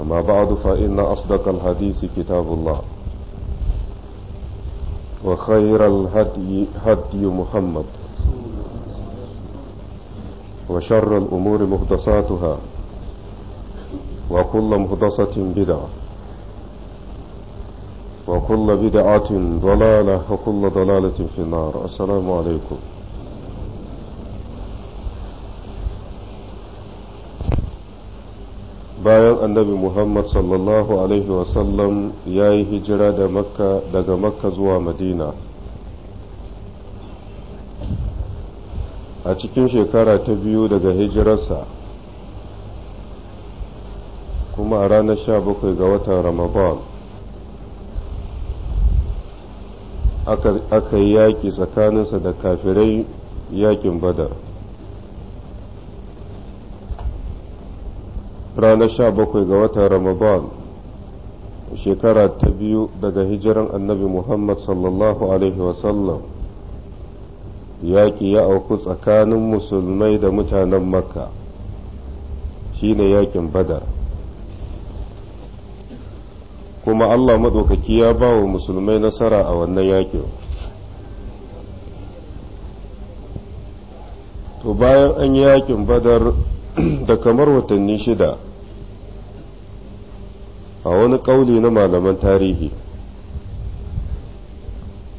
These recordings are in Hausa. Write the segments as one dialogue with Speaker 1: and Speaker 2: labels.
Speaker 1: أما بعد فإن أصدق الحديث كتاب الله وخير الهدي هدي محمد وشر الأمور مهدساتها وكل مهدسة بدعة وكل بدعة ضلالة وكل ضلالة في النار السلام عليكم bayan annabi muhammad sallallahu alaihi wasallam ya yi hijira daga makka zuwa madina a cikin shekara ta biyu daga hijirarsa kuma a ranar sha bakwai ga watan ramadan aka yi yaƙi tsakaninsa da kafirai yaƙin badar ranar sha bakwai ga watan ramadan shekara ta biyu daga hijiran annabi muhammad sallallahu alaihi wasallam yaƙi ya auku tsakanin musulmai da mutanen makka shine yaƙin badar kuma allah maɗaukaki ya ba wa musulmai nasara a wannan yaƙin to bayan an yi yaƙin badar da kamar watanni shida a wani ƙauli na malaman tarihi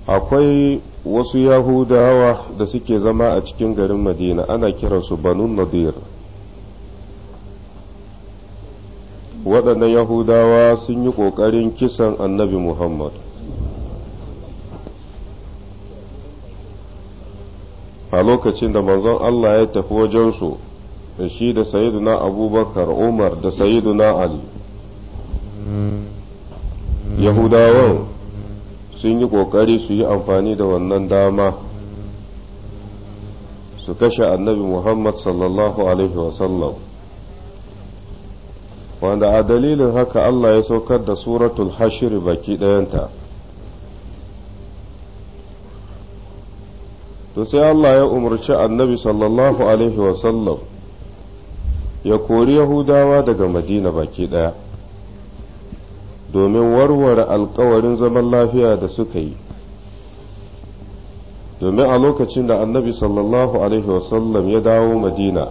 Speaker 1: akwai wasu yahudawa da suke zama a cikin garin madina ana kiransu banun nadir waɗannan yahudawa sun yi ƙoƙarin kisan annabi muhammad a lokacin da manzon allah ya tafi wajensu da shi da sayyiduna abubakar umar da sayyiduna ali yahudawan sun yi ƙoƙari su yi amfani da wannan dama su kashe annabi muhammad sallallahu alaihi wasallam wanda a dalilin haka allah ya saukar da suratul hashir baki ɗayanta to sai allah ya umarci annabi sallallahu alaihi wasallam ya kori yahudawa daga madina baki ɗaya domin warware alkawarin zaman lafiya da suka yi domin a lokacin da annabi sallallahu alaihi wasallam ya dawo madina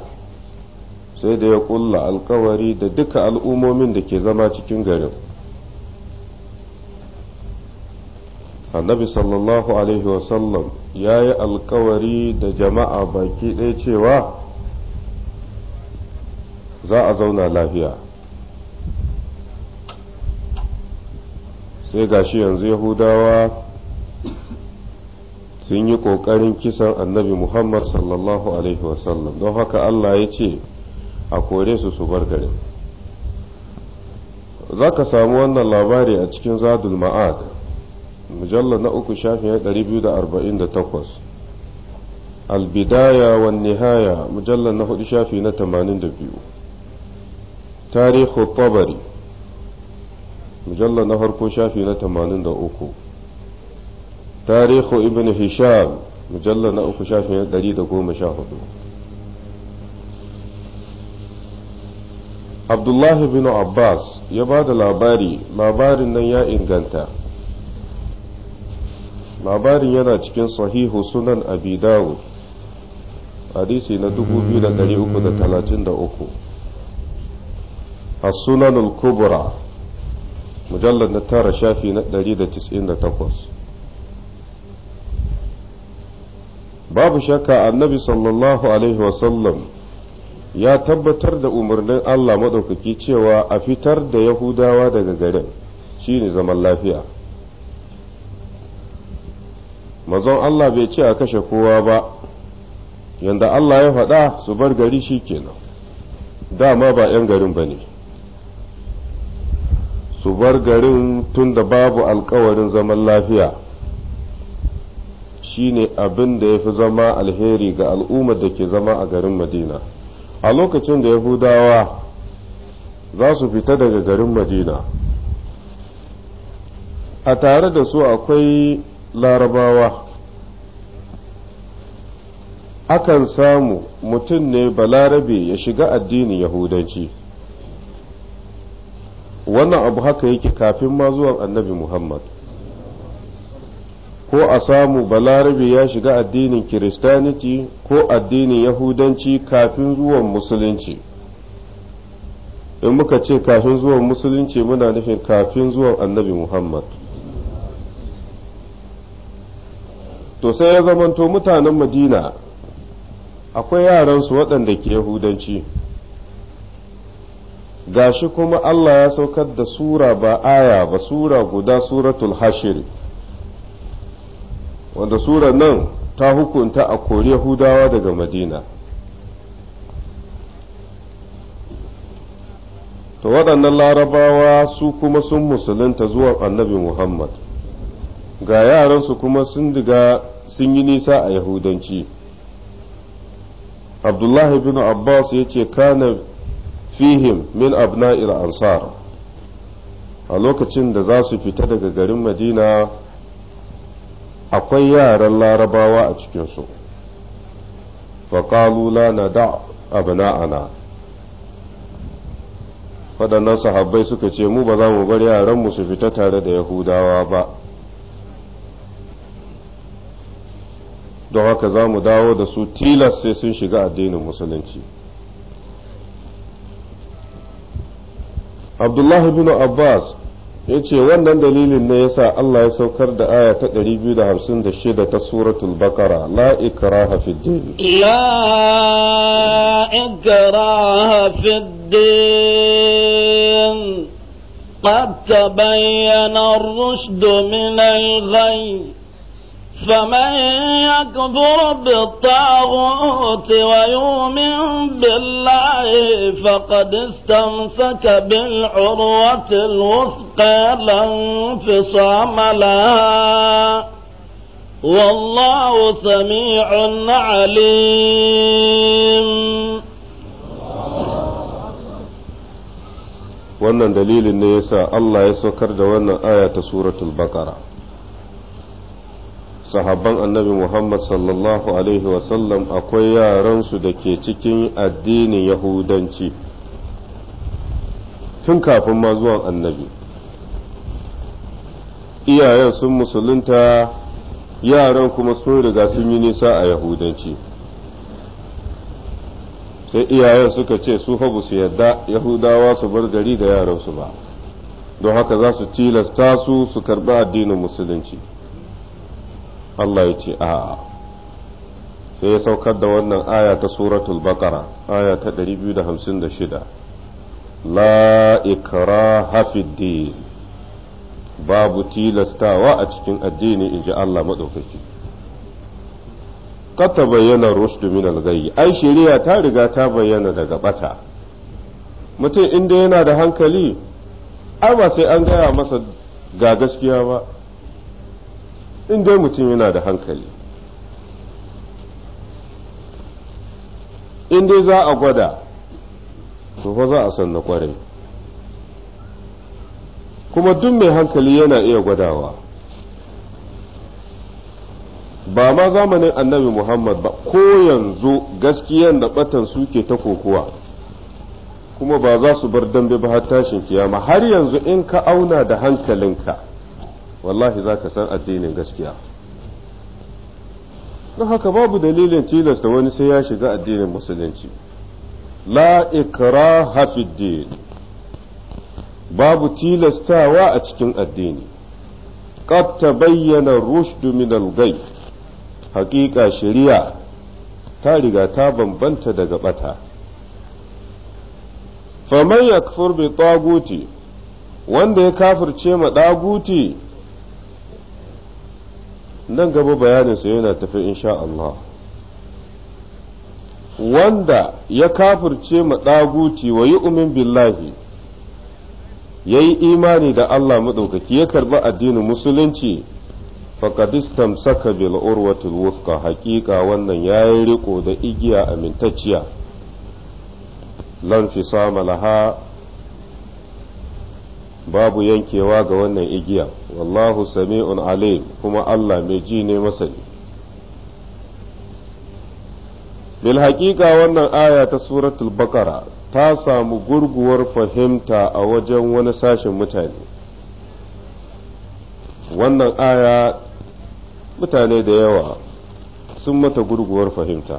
Speaker 1: sai da ya ƙulla alkawari da duka al'ummomin da ke zama cikin garin annabi sallallahu alaihi wasallam ya yi alkawari da jama'a baki ɗaya cewa za a zauna lafiya sai gashi yanzu yahudawa sun yi ƙoƙarin kisan annabi muhammad sallallahu alaihi wasallam don haka allah ya ce a kore su su bar garin za ka samu wannan labari a cikin zadul ma'ad mujallar na uku shafin 248 albidaya wa nihaya mujallar na hudu shafi na 82 tarihu tabari mujallar na farko shafi na 83 tarihu ibn hisham mujallar na uku shafi na 114 abdullahi bin abbas ya ba da labari labarin nan ya inganta labarin yana cikin sahihu sunan abi hadisi na 2333 السنن الكبرى مجلد نتار شافي دليل تسعين تقص باب شكا النبي صلى الله عليه وسلم ya tabbatar da umarnin Allah maɗaukaki cewa a fitar da Yahudawa daga garin shine zaman lafiya mazan Allah bai ce a kashe kowa ba yanda Allah ya faɗa su bar gari shi kenan dama ba 'yan garin ba ne su bar garin tun da babu alkawarin zaman lafiya shi ne abin da ya fi zama alheri ga al'ummar da ke zama a garin madina a lokacin da yahudawa za su fita daga garin madina a tare da su akwai larabawa akan samu mutum ne balarabe ya shiga addinin yahudanci wannan abu haka yake kafin ma zuwan annabi muhammad ko a samu balarabe ya shiga addinin kiristaniti ko addinin yahudanci kafin zuwan musulunci in muka ce kafin zuwan musulunci muna nufin kafin zuwan annabi muhammad to sai ya zamanto mutanen madina akwai yaransu waɗanda ke yahudanci Ga shi kuma Allah ya saukar da sura ba aya ba sura guda suratul hashir wanda sura nan ta hukunta a kori Yahudawa daga Madina Ta waɗannan larabawa su kuma sun musulunta zuwa annabi Muhammad ga yaransu kuma sun diga sun yi nisa a Yahudanci Abdullahi bin Abbas ya ce kana fihim min abna'il ansar a lokacin da za su fita daga garin madina akwai yaran larabawa a cikinsu faƙalu la na da abna'ana waɗannan sahabbai suka ce mu ba za mu bar yaranmu su fita tare da yahudawa ba don haka za mu dawo da su tilas sai sun shiga addinin musulunci abdullahi bin abbas ya ce wannan dalilin ne yasa Allah ya saukar da aya ta shida ta suratun bakara la ikraha fi din
Speaker 2: la ikraha fi din قد تبين الرشد من الغي فمن يكفر بالطاغوت ويؤمن بالله فقد استمسك بالعروة الوثقى لا انفصام لها والله سميع عليم
Speaker 1: wannan dalilin ne yasa Allah ya saukar da wannan aya ta suratul baqara sahabban annabi Muhammad sallallahu Alaihi wasallam akwai yaransu da ke cikin addinin Yahudanci tun kafin ma zuwan annabi. Iyayen sun musulunta yaran kuma sun riga sun yi nisa a Yahudanci. sai iyayen suka ce su fa su yarda Yahudawa su bar gari da yaransu ba, don haka za su tilasta su su karɓi addinin musulunci. Allah ya ce a'a sai ya saukar da wannan aya ta suratul baqara aya ta 256 la ikra hafi din babu tilastawa a cikin addini in ji Allah madaukaki Kar ta rushdu min al-ghayy ai shari'a ta riga ta bayyana daga bata mutum inda yana da hankali ai ba sai an gaya masa ga gaskiya ba in dai mutum yana da hankali in dai za a gwada to fa za a san na kwarai kuma duk mai hankali yana iya gwadawa ba ma zamanin annabi muhammad ba ko yanzu gaskiyan da batan suke ta kokowa kuma ba za su bar dambe ba har tashin kiyama har yanzu in ka auna da hankalinka wallahi za ka san addinin gaskiya don haka babu dalilin tilasta wani sai ya shiga addinin musulunci la ikraha hafiddin babu tilastawa a cikin addini qad bayyana rushdu min gai haƙiƙa haqiqa shari'a ta riga ta bambanta daga bata faman yakfur bi taguti wanda ya kafirce ma daguti nan gaba bayanin bayaninsa yana tafi insha Allah wanda ya kafirce ma wa yi umin billahi ya yi imani da Allah maɗaukaki ya karɓi addinin musulunci fakadistam saka bil urwatul wuska haƙiƙa wannan ya yi riƙo da igiya amintacciya lan fi laha babu yankewa ga wannan igiya wallahu sami'un alim kuma Allah mai ji ne masani bil haƙiƙa wannan aya ta suratul baqara ta samu gurguwar fahimta a wajen wani sashen mutane wannan aya mutane da yawa sun mata gurguwar fahimta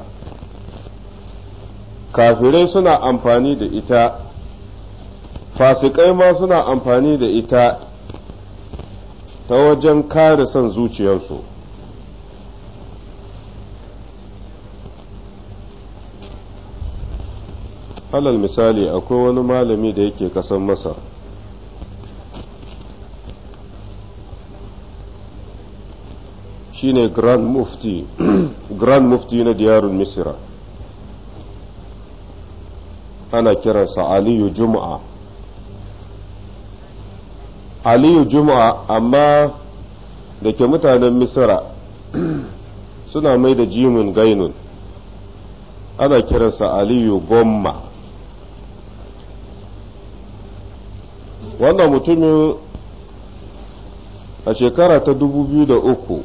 Speaker 1: kafirai suna amfani da ita fasikai ma suna amfani da ita ta wajen kare son zuciyarsu alal misali akwai wani malami da yake kasan masar shine grand mufti grand mufti na diyarun misira ana kiransa aliyu juma'a aliyu juma'a amma da ke mutanen misira suna mai da jimin gainun ana kiransa aliyu gomma wannan mutumin a shekara ta dubu biyu da uku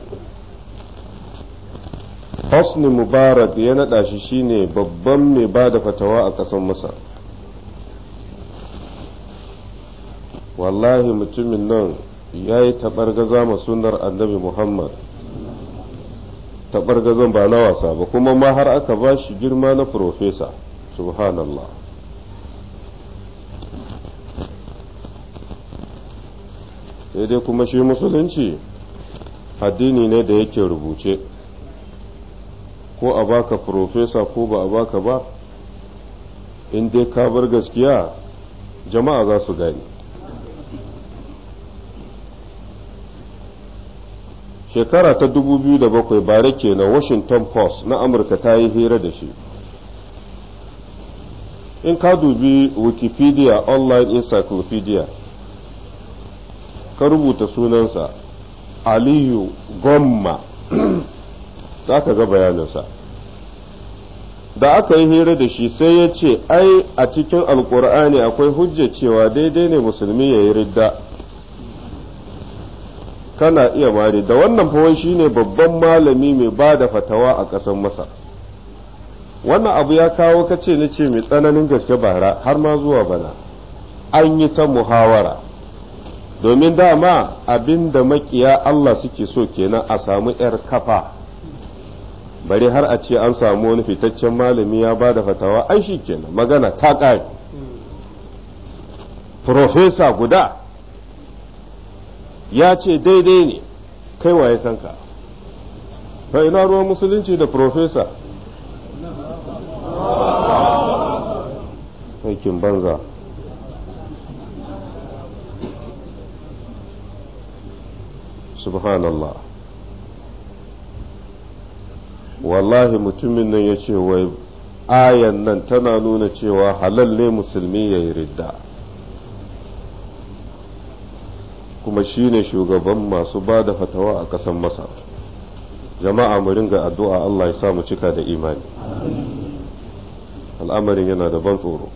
Speaker 1: hosni mubarak ya naɗa shi shine babban mai ba da fatawa a ƙasar masar wallahi mutumin nan ya yi taɓargaza ma sunar annabi muhammad taɓargazan ba na wasa ba kuma ma har aka ba shi girma na profesa subhanallah sai dai kuma shi musulunci addini ne da yake rubuce ko a baka profesa ko ba a baka ba in dai ka bar gaskiya jama'a za su gani shekara ta 2007 bare kenan washington post na amurka ta yi hira da shi in ka dubi wikipedia online encyclopedia ka rubuta sunansa aliyu gomma za ka ga bayaninsa da aka yi hira da shi sai ya ce ai a cikin alkur'ani akwai hujja cewa daidai ne musulmi ya yi ridda kana iya ware da wannan shi ne babban malami mai ba da fatawa a ƙasar masar wannan abu ya kawo kace na ce mai tsananin gaske bara har ma zuwa bana an yi ta muhawara domin dama abin da makiya Allah suke so kenan a samu 'yar kafa bari har a ce an samu wani fitaccen malami ya ba da fatawa ai shi kenan magana ta ƙare profesa guda ya ce daidai ne kai waye san ka fa ina ruwan musulunci da profesa aikin banza subhanallah wallahi mutumin nan ya ce wai ayan nan tana nuna cewa halal ne musulmi ya yi ridda kuma shine shugaban masu ba da fatawa a ƙasar masa jama'a mu ringa addu'a Allah ya sa mu cika da imani al'amarin yana da ban tsoro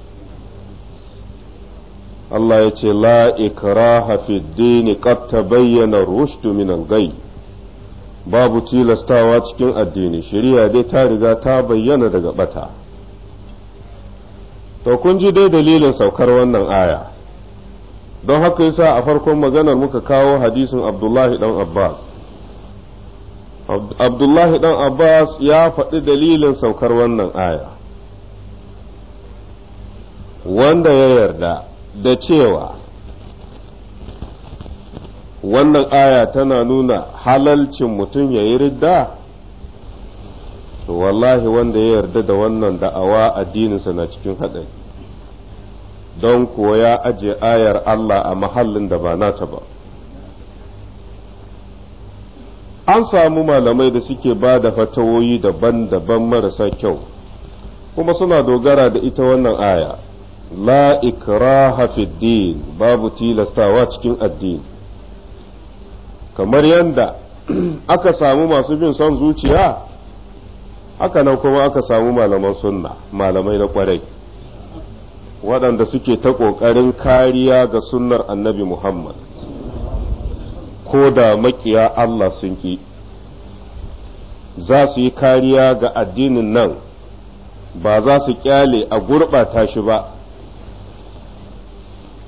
Speaker 1: Allah ya ce la ikraha fi dini qad tabayyana rushdu min al babu tilastawa cikin addini shari'a dai ta riga ta bayyana daga bata to kun ji dai dalilin saukar wannan aya don haka yasa a farkon maganar muka kawo hadisin abdullahi dan abbas abdullahi dan abbas ya faɗi dalilin saukar wannan aya wanda ya yarda da cewa wannan aya tana nuna halalcin mutum ya yi ridda wallahi wanda ya yarda da wannan da'awa addininsa na cikin haɗari don kuwa ya aje ayar Allah a mahallin da ba nata ba an samu malamai da suke ba da fatawoyi daban-daban marasa kyau kuma suna dogara da ita wannan aya la ikraha din babu tilastawa cikin addini kamar yadda aka samu masu bin son zuciya haka nan kuma aka samu malaman sunna malamai na kwarai waɗanda suke ta ƙoƙarin kariya ga sunnar annabi Muhammad, ko da makiya Allah sun ƙi, za su yi kariya ga addinin nan ba za su ƙyale a gurɓata shi ba.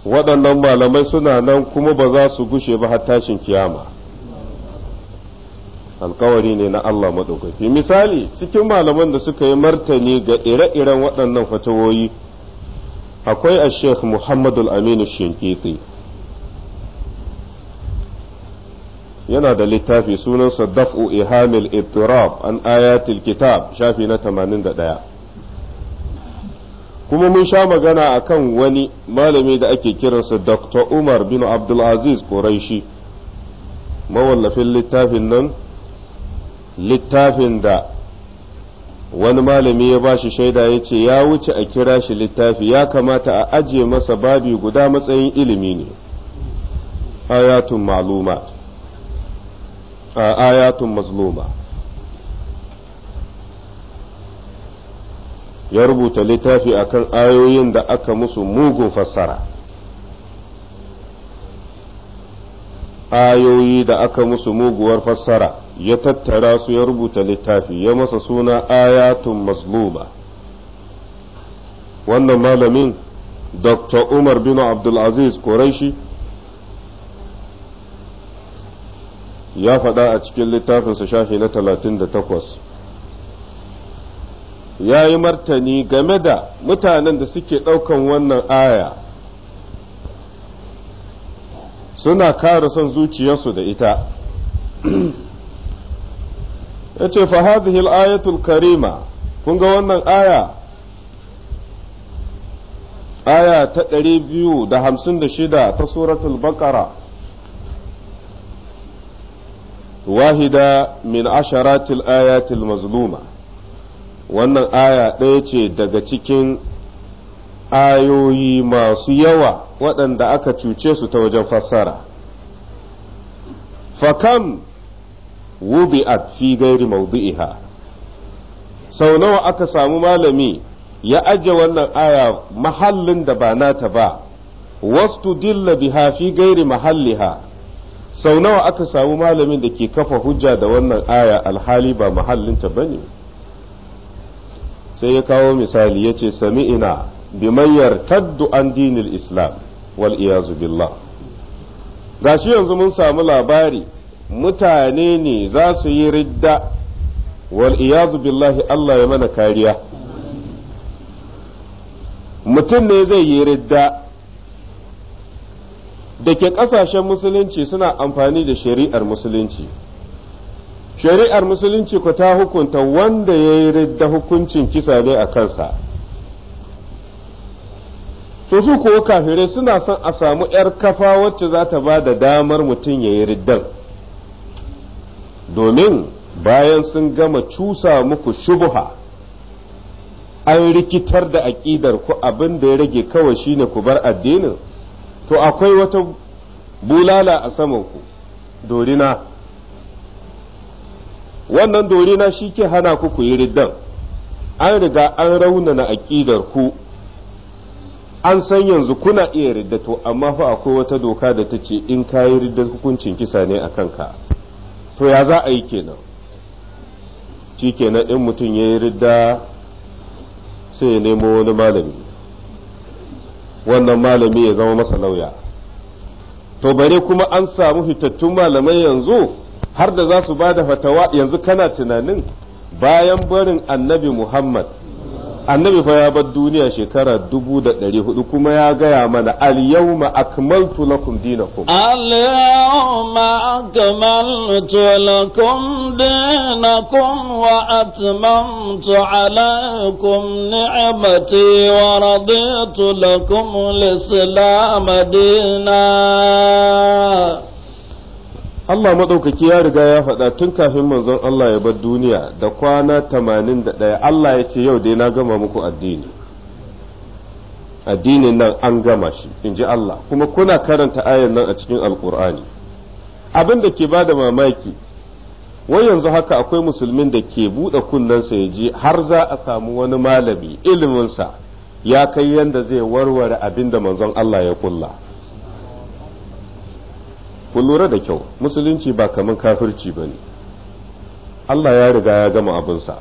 Speaker 1: waɗannan malamai suna nan kuma ba za su gushe ba har tashin kiyama alkawari ne na Allah maɗaukaki misali cikin malaman da suka yi martani ga ire-iren waɗannan fatawoyi akwai a sheikh muhammadu aminu shinkiti yana da littafi sunansa daf'u ihamil ibtirab an ayatil kitab shafi na 81 kuma mun sha magana akan wani malami da ake kiransa dr umar bin abdulaziz quraishi mawallafin littafin nan littafin da wani malami ya bashi shaida ya ce ya wuce a kira shi littafi ya kamata a ajiye masa babi guda matsayin ilimi ne ayatun maluma a ayatun mazluma ya rubuta littafi akan ayoyin da aka musu mugun fassara ayoyi da aka musu muguwar fassara ya tattara su ya rubuta littafi ya masa suna ayatun masluma wannan malamin dr umar bin abdulaziz Quraishi ya faɗa a cikin littafinsa shafi na 38 ya yi martani game da mutanen da suke ɗaukan wannan aya suna kare son zuciyarsu da ita yace fa hadhihi al-ayatul karima kun ga wannan aya aya ta shida ta suratul baqara wahida min asharatil ayatil mazluma wannan aya ɗaya ce daga cikin ayoyi masu yawa waɗanda aka cuce su ta wajen fassara fakam wudi'at fi gairi mawdi'iha sau nawa aka samu malami ya aje wannan aya mahallin da ba nata ba wastu dilla biha fi gairi mahalliha sau nawa aka samu malamin da ke kafa hujja da wannan aya alhali ba mahallinta bane sai ya kawo misali ya ce sami'ina bimayyar taddu an dinil islam wal iyazu billah gashi yanzu mun samu labari mutane ne za su yi ridda wal iyazu billahi Allah ya mana kariya mutum ne zai yi ridda da ke ƙasashen musulunci suna amfani da shari'ar musulunci shari'ar musulunci ku ta hukunta wanda ya yi ridda hukuncin kisa ne a kansa to su kuwa kafirai suna son a samu 'yar kafa wacce za ta ba da damar mutum ya yi riddan domin bayan sun gama cusa muku shubuha an rikitar da aƙidar ku abin da ya rage kawai shine ku bar addinin to akwai wata bulala a samanku dorina wannan dorina shi ke hana ku ku yi riddan an riga an raunana aƙidar ku an san yanzu kuna iya ridda to amma fa akwai wata doka da ta ce in kayi yi hukuncin kisa ne a kanka to ya za a yi kenan shi kenan in mutum ya yi ridda sai ya nemo wani malami wannan malami ya zama masa lauya to bare kuma an samu fitattun malamai yanzu har da za su ba da fatawa yanzu kana tunanin bayan barin annabi muhammad annabi fa ya bar duniya shekara dubu da ɗari hudu kuma ya gaya mana al-yawma akmaltu lakum dinakum
Speaker 2: al-yawma akmaltu lakum dinakum wa atmamtu alaykum ni'mati wa raditu lakum al-islam dinan
Speaker 1: Allah maɗaukaki ya riga ya faɗa tun kafin manzon Allah ya bar duniya da kwana tamanin da ɗaya Allah ya ce yau dai na gama muku addini addinin nan an gama shi in ji Allah kuma kuna karanta ayan nan a cikin alkur'ani abin da ke bada mamaki wai yanzu haka akwai musulmin da ke buɗe kunnensa ya je har za a samu wani malami iliminsa ya kai yanda zai warware abin da manzon Allah ya kulla ku lura da kyau musulunci ba kamar kafirci ba ne Allah ya riga ya gama sa.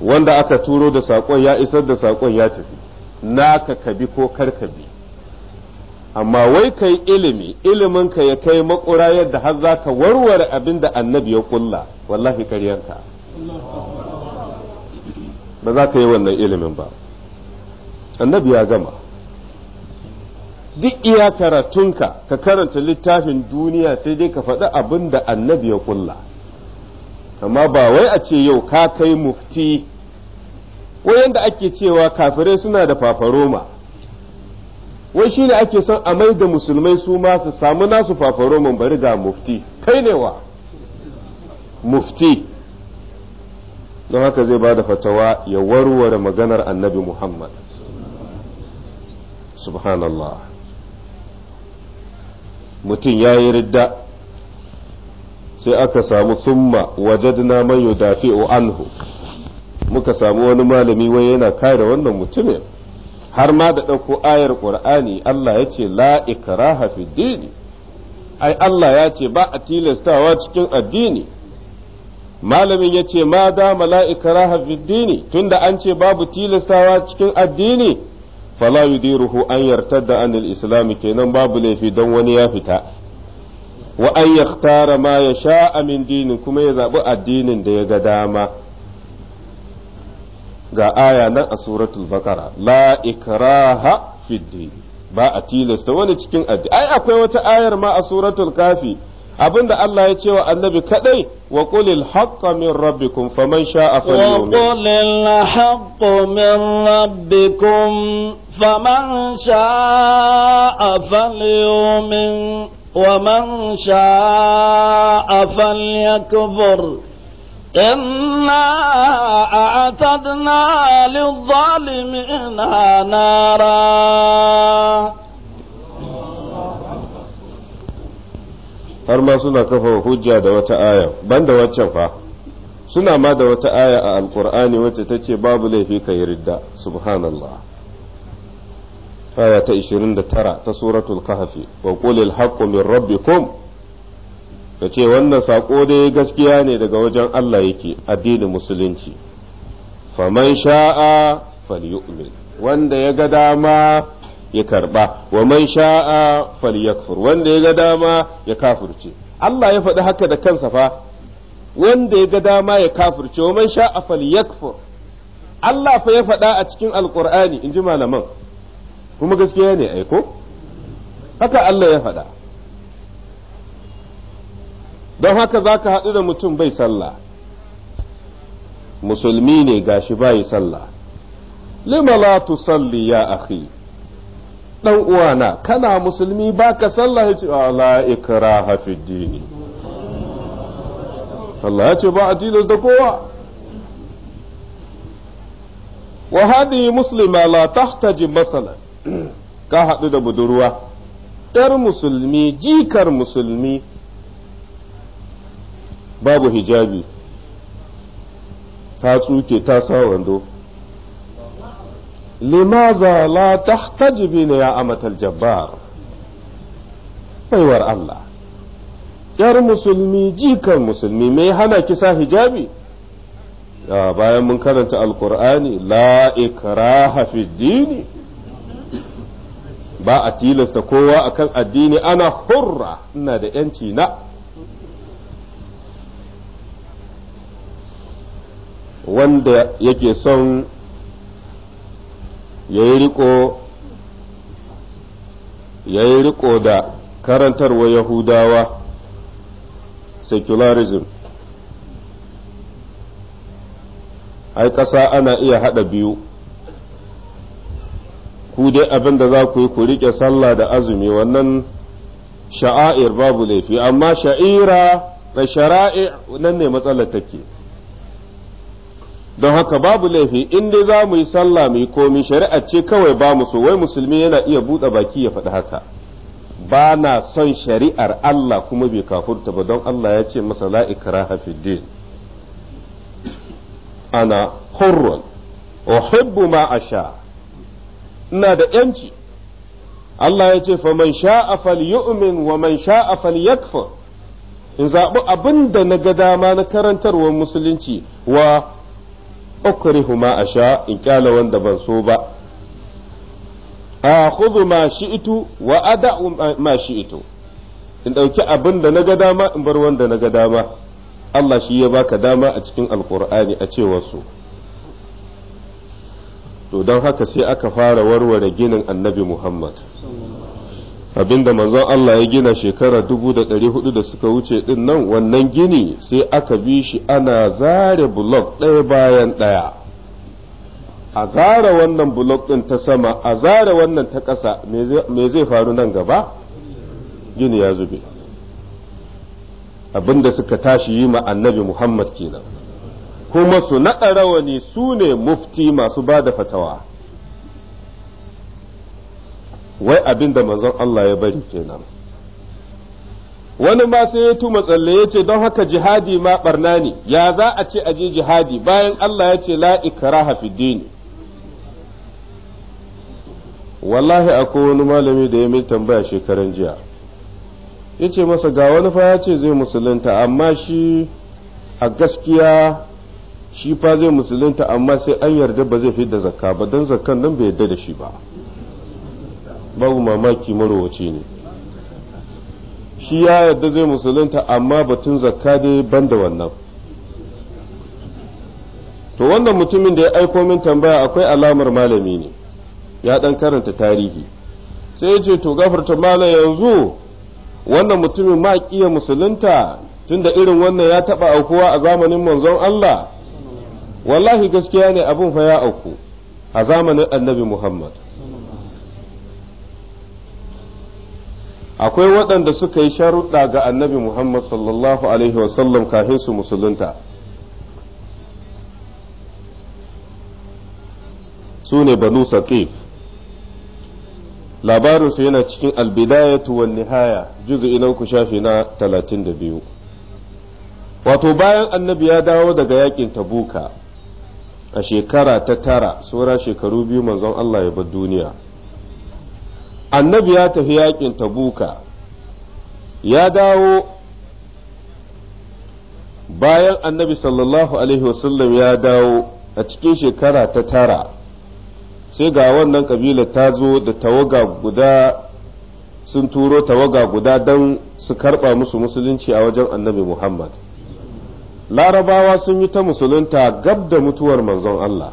Speaker 1: wanda aka turo da saƙon ya isar da saƙon ya tafi naka ka bi ko bi amma wai kai ilimi ilimin ka ya kai makura yadda har za ka warware abin da annabi ya kulla wallahi karyanka ba za ka yi wannan ilimin ba annabi ya gama duk iya karatunka ka karanta littafin duniya sai dai ka faɗi abin da annabi ya kulla amma ba wai a ce yau ka kai mufti yadda ake cewa kafirai suna da fafaroma wai shine ake son a mai da musulmai su ma su samu nasu fafaroman bari ga mufti kai ne wa mufti don haka zai ba da fatawa ya warware maganar annabi muhammad subhanallah mutum ya yi ridda sai aka samu summa wajadna man yudafi'u anhu muka samu wani malami wai yana kare wannan mutumin har ma da ɗauko ayar ƙur'ani Allah ya ce la ikraha fi dini ai Allah ya ce ba a tilastawa cikin addini malamin ya ce ma da mala'ika raha dini tunda an ce babu tilastawa cikin addini fala ruhu an yartadda anil islam kenan babu laifi don wani ya fita wa an yaktara ma ya sha min dinin kuma ya zaɓi addinin da ya ga dama ga aya nan a suratul bakara la ikraha fid ba a tilasta wani cikin addini ai akwai wata ayar ma a suratul kafi abinda Allah ya ce wa annabi kadai wa qulil haqqo min rabbikum faman sha'a falyu'min wa
Speaker 2: qulil haqqo min rabbikum faman sha'a falyu'min wa man sha'a falyakfur إنا أعتدنا للظالمين نارا
Speaker 1: har ma suna kafa hujja da wata aya banda waccan fa suna ma da wata aya a alkur'ani wacce ta ce babu laifi ka yi ridda subhanallah aya ta 29 ta suratul kahfi wa qulil haqqu min rabbikum ka ce wannan sako dai gaskiya ne daga wajen Allah yake addinin musulunci faman sha'a falyu'min wanda ya ga dama ya karba wa man sha'a falyakfur wanda ya ga dama ya kafirce Allah ya faɗi haka da kansa fa wanda ya ga dama ya kafirce wa man sha'a falyakfur Allah fa ya faɗa a cikin alqur'ani inji malaman kuma gaskiya ne aiko haka Allah ya faɗa don haka za ka haɗu da mutum bai sallah musulmi ne gashi bai sallah lima la tusalli ya akhi dan uwana kana musulmi baka sallah yace la ikraha fi dini Allah yace ba a da kowa wa hadi muslima la tahtaji masala ka haɗu da budurwa dar musulmi jikar musulmi babu hijabi ta tsuke ta sa wando limaza la tahtajibina ya amatal jabbar baiwar Allah yar musulmi jikan musulmi me hana kisa sa hijabi bayan mun karanta alkur'ani la ikraha fi dini ba a tilasta kowa akan addini ana hurra ina da yanci na wanda yake son ya yi riko da karantarwa yahudawa secularism ai ƙasa ana iya haɗa biyu ku dai abin da za ku yi ku riƙe sallah da azumi wannan sha'air babu laifi amma sha'ira da shara'i nan ne matsalar take don haka babu laifi in dai za mu yi sallah mu yi komi shari'a ce kawai ba mu so wai musulmi yana iya buɗe baki ya faɗi haka ba na son shari'ar Allah kuma bai kafurta ba don Allah ya ce masa la ikraha fi din ana hurrun uhibbu ma asha ina da yanci Allah ya ce fa faman sha'a falyu'min wa man sha'a falyakfur in zaɓi abin da na ga dama na karantarwar musulunci wa ukrihu ma asha in kyala wanda ban so ba akhudhu ma shi'tu wa ada'u ma shi'tu in dauki abinda naga dama in bar wanda naga dama Allah shi ya baka dama a cikin alqur'ani a cewar su to don haka sai aka fara warware ginin annabi Muhammad abinda manzon Allah ya gina shekara dubu da ɗari hudu da suka wuce ɗin nan wannan gini sai aka bi shi ana zare bulok ɗaya bayan ɗaya a zare wannan bulok ɗin ta sama a zare wannan ta ƙasa me zai faru nan gaba gini ya zube abinda suka tashi yi ma annabi Muhammad kenan kuma su naɗa rawani su ne mufti masu ba da fatawa wai abin da manzon Allah ya bari kenan wani ma sai ya tuma tsalle ya ce don haka jihadi ma barna ne ya za a ce aje jihadi bayan Allah ya ce la ikraha fi dini wallahi akwai wani malami da ya mai tambaya shekaran jiya ya ce masa ga wani fa ya ce zai musulunta amma shi a gaskiya shi fa zai musulunta amma sai an yarda ba zai fi da zakka ba don zakkan nan bai yarda da shi ba babu mamaki marowace ne shi ya yadda zai musulunta amma batun zakka ban da wannan to wannan mutumin da ya aiko min tambaya akwai alamar malami ne ya dan karanta tarihi sai ya ce to gafarta malam yanzu wannan mutumin ma kiya musulunta tunda irin wannan ya taba aukuwa a zamanin manzon Allah wallahi gaskiya ne abin fa ya auku a zamanin annabi Muhammad akwai waɗanda suka yi sharuɗa ga annabi Muhammad sallallahu Alaihi wasallam kafin su musulunta su ne banu saqif labarinsu yana cikin albidayatu wan nihaya juz'i na uku shafi na 32
Speaker 2: wato bayan
Speaker 1: annabi ya dawo daga yakin tabuka a shekara ta tara saura shekaru biyu manzon Allah ya bar duniya annabi ya tafi yakin tabuka ya dawo bayan annabi sallallahu alaihi wasallam ya dawo a cikin shekara ta tara sai ga wannan kabila ta zo da tawaga guda sun turo tawaga guda don su karɓa musu musulunci a wajen annabi muhammad larabawa sun yi ta musulunta gab da mutuwar manzon allah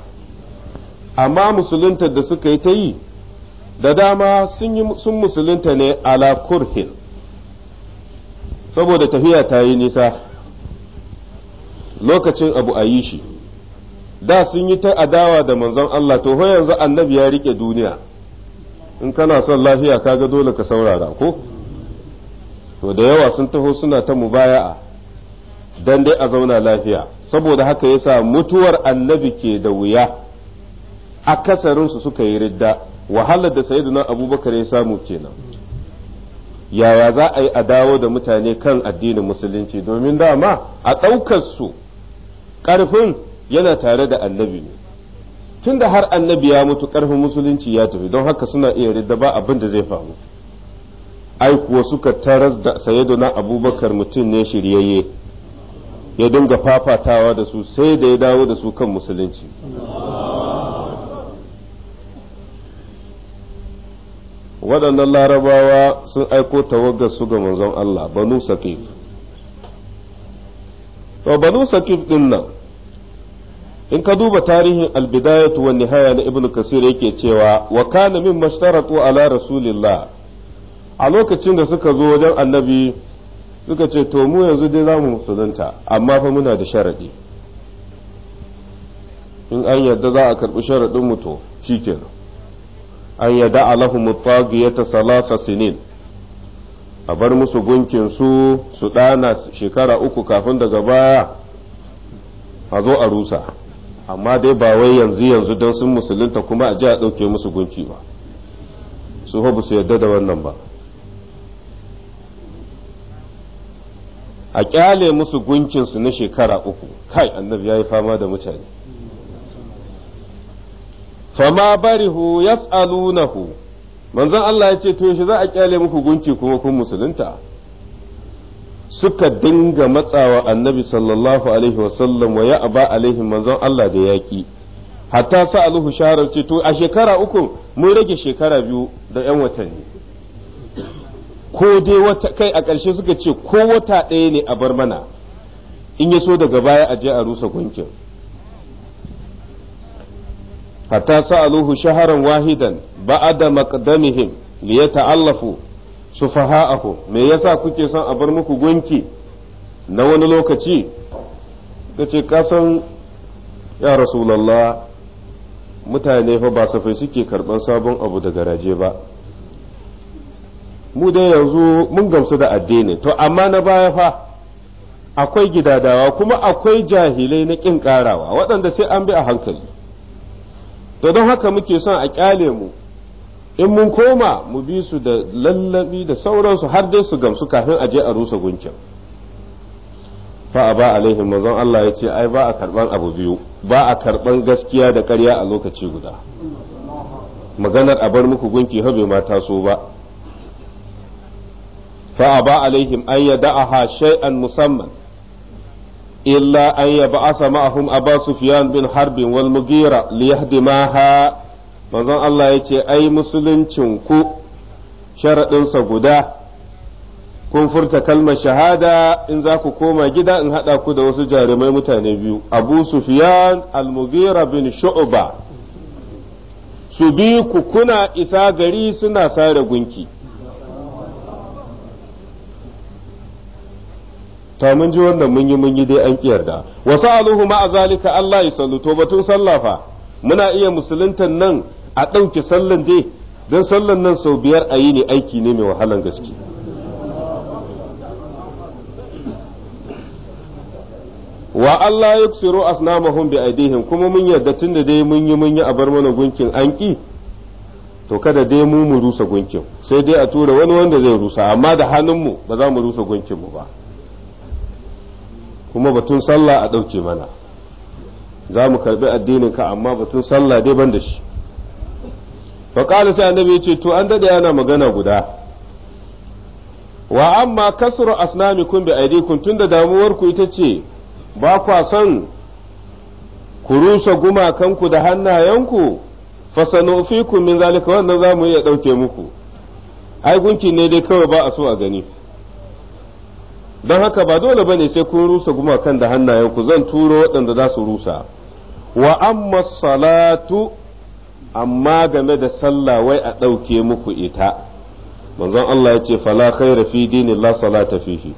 Speaker 1: amma musulunta da suka yi ta yi da dama sun musulunta ne ala kurhin saboda tafiya ta yi nisa lokacin abu a yi shi da sun yi ta adawa da manzon Allah to ho yanzu annabi ya rike duniya in kana son lafiya kaga dole ka saurara ko to da yawa sun taho suna ta mubaya'a dan dai a zauna lafiya saboda haka yasa mutuwar annabi ke da wuya akasarinsu suka yi ridda wahalar da sayyidina abubakar ya samu kenan yaya za a yi a dawo da mutane kan addinin musulunci domin dama a ɗaukar su ƙarfin yana tare da annabi ne tun da har annabi ya mutu ƙarfin musulunci ya tafi don haka suna iya ridda ba abin da zai faru ai kuwa suka taras da sayyidina abubakar mutum ne shiryayye ya dinga fafatawa da su sai da ya dawo da su kan musulunci waɗannan larabawa sun aiko tawagar su ga manzon Allah banu saqif to banu din nan in ka duba tarihin albidayatu wa nihaya na ibnu kasir yake cewa wa kana min mashtaratu ala rasulillah a lokacin da suka zo wajen annabi suka ce to mu yanzu dai zamu musulunta amma fa muna da sharadi in an yarda za a karbi sharadin mu to shikenan an yada alahumu ta salasa sinin a bar musu gunkin su su ɗana shekara uku kafin daga baya a zo a rusa amma dai ba wai yanzu yanzu don sun musulunta kuma a ji a ɗauke musu gunki ba su ba su yarda da wannan ba a ƙyale musu gunkinsu na shekara uku kai annabi ya yi fama da mutane fama barihu yas'alunahu manzon Allah ya ce to yaushe za a kyale muku gunki kuma kun musulunta suka dinga matsawa annabi sallallahu alaihi wasallam wa ya aba alaihi manzon Allah da yaƙi hatta sa'aluhu sharar ce to a shekara uku mun rage shekara biyu da 'yan watanni ko dai wata kai a ƙarshe suka ce ko wata ɗaya ne a bar mana in ya so daga baya a je a rusa gunkin فتسألوه شهرا shaharan wahidan مقدمهم maqdamihim سفهاءه ما يسا me yasa kuke son a bar muku gunki na wani lokaci kace kasan yara mutane fa ba safai suke karban sabon abu da garaje ba mu dai yanzu mun gamsu da addini to amma na baya fa akwai gidadawa kuma akwai jahilai na ƙin ƙarawa waɗanda sai an bi a hankali to don haka muke son a kyale mu in mun koma mu bi su da lallabi da sauransu har dai su gamsu kafin a je a rusa gunkin fa ba alaihim manzon Allah ya ce ai ba a karban abu biyu ba a karban gaskiya da ƙarya a lokaci guda maganar a bar muku gunki har bai ma taso ba fa ba alaihim an aha shay'an musamman إلا أن يبعث معهم أبا سفيان بن حرب والمغيرة ليهدماها manzon Allah yace ce ai musuluncin ku sharaɗinsa guda kun furta kalmar shahada in za ku koma gida in haɗa ku da wasu jarumai mutane biyu abu Sufiyan al-mughira bin shu'ba su bi ku kuna isa gari suna sare gunki ta mun ji wannan mun yi mun yi dai an kiyarda wa sa'aluhu ma zalika Allah ya sallu to batun sallah fa muna iya musuluntan nan a ɗauke sallan dai don sallan nan sau biyar a yi ne aiki ne mai wahalan gaske wa Allah ya kusuro asnamahum bi aidihim kuma mun yarda tunda da dai mun yi mun yi a bar mana gunkin an to kada dai mu mu rusa gunkin sai dai a tura wani wanda zai rusa amma da hannunmu ba za mu rusa gunkin mu ba kuma batun sallah a ɗauke mana za mu karɓi ka amma batun sallah dai ban da shi faƙali sai annabi ya ce to an daɗe yana magana guda wa amma kasru asnamikum bi da damuwar ku ita ce ba kwa son ku rusa gumakanku da hannayenku fasanufikum min zalika wannan za mu iya ɗauke muku ai gunki ne dai kawai ba a so a gani don haka ba dole bane sai kun rusa gumakan da ku zan turo waɗanda za su rusa wa amma salatu amma game da sallah wai a ɗauke muku ita manzon Allah ya ce fala khaira fi dini la salata fihi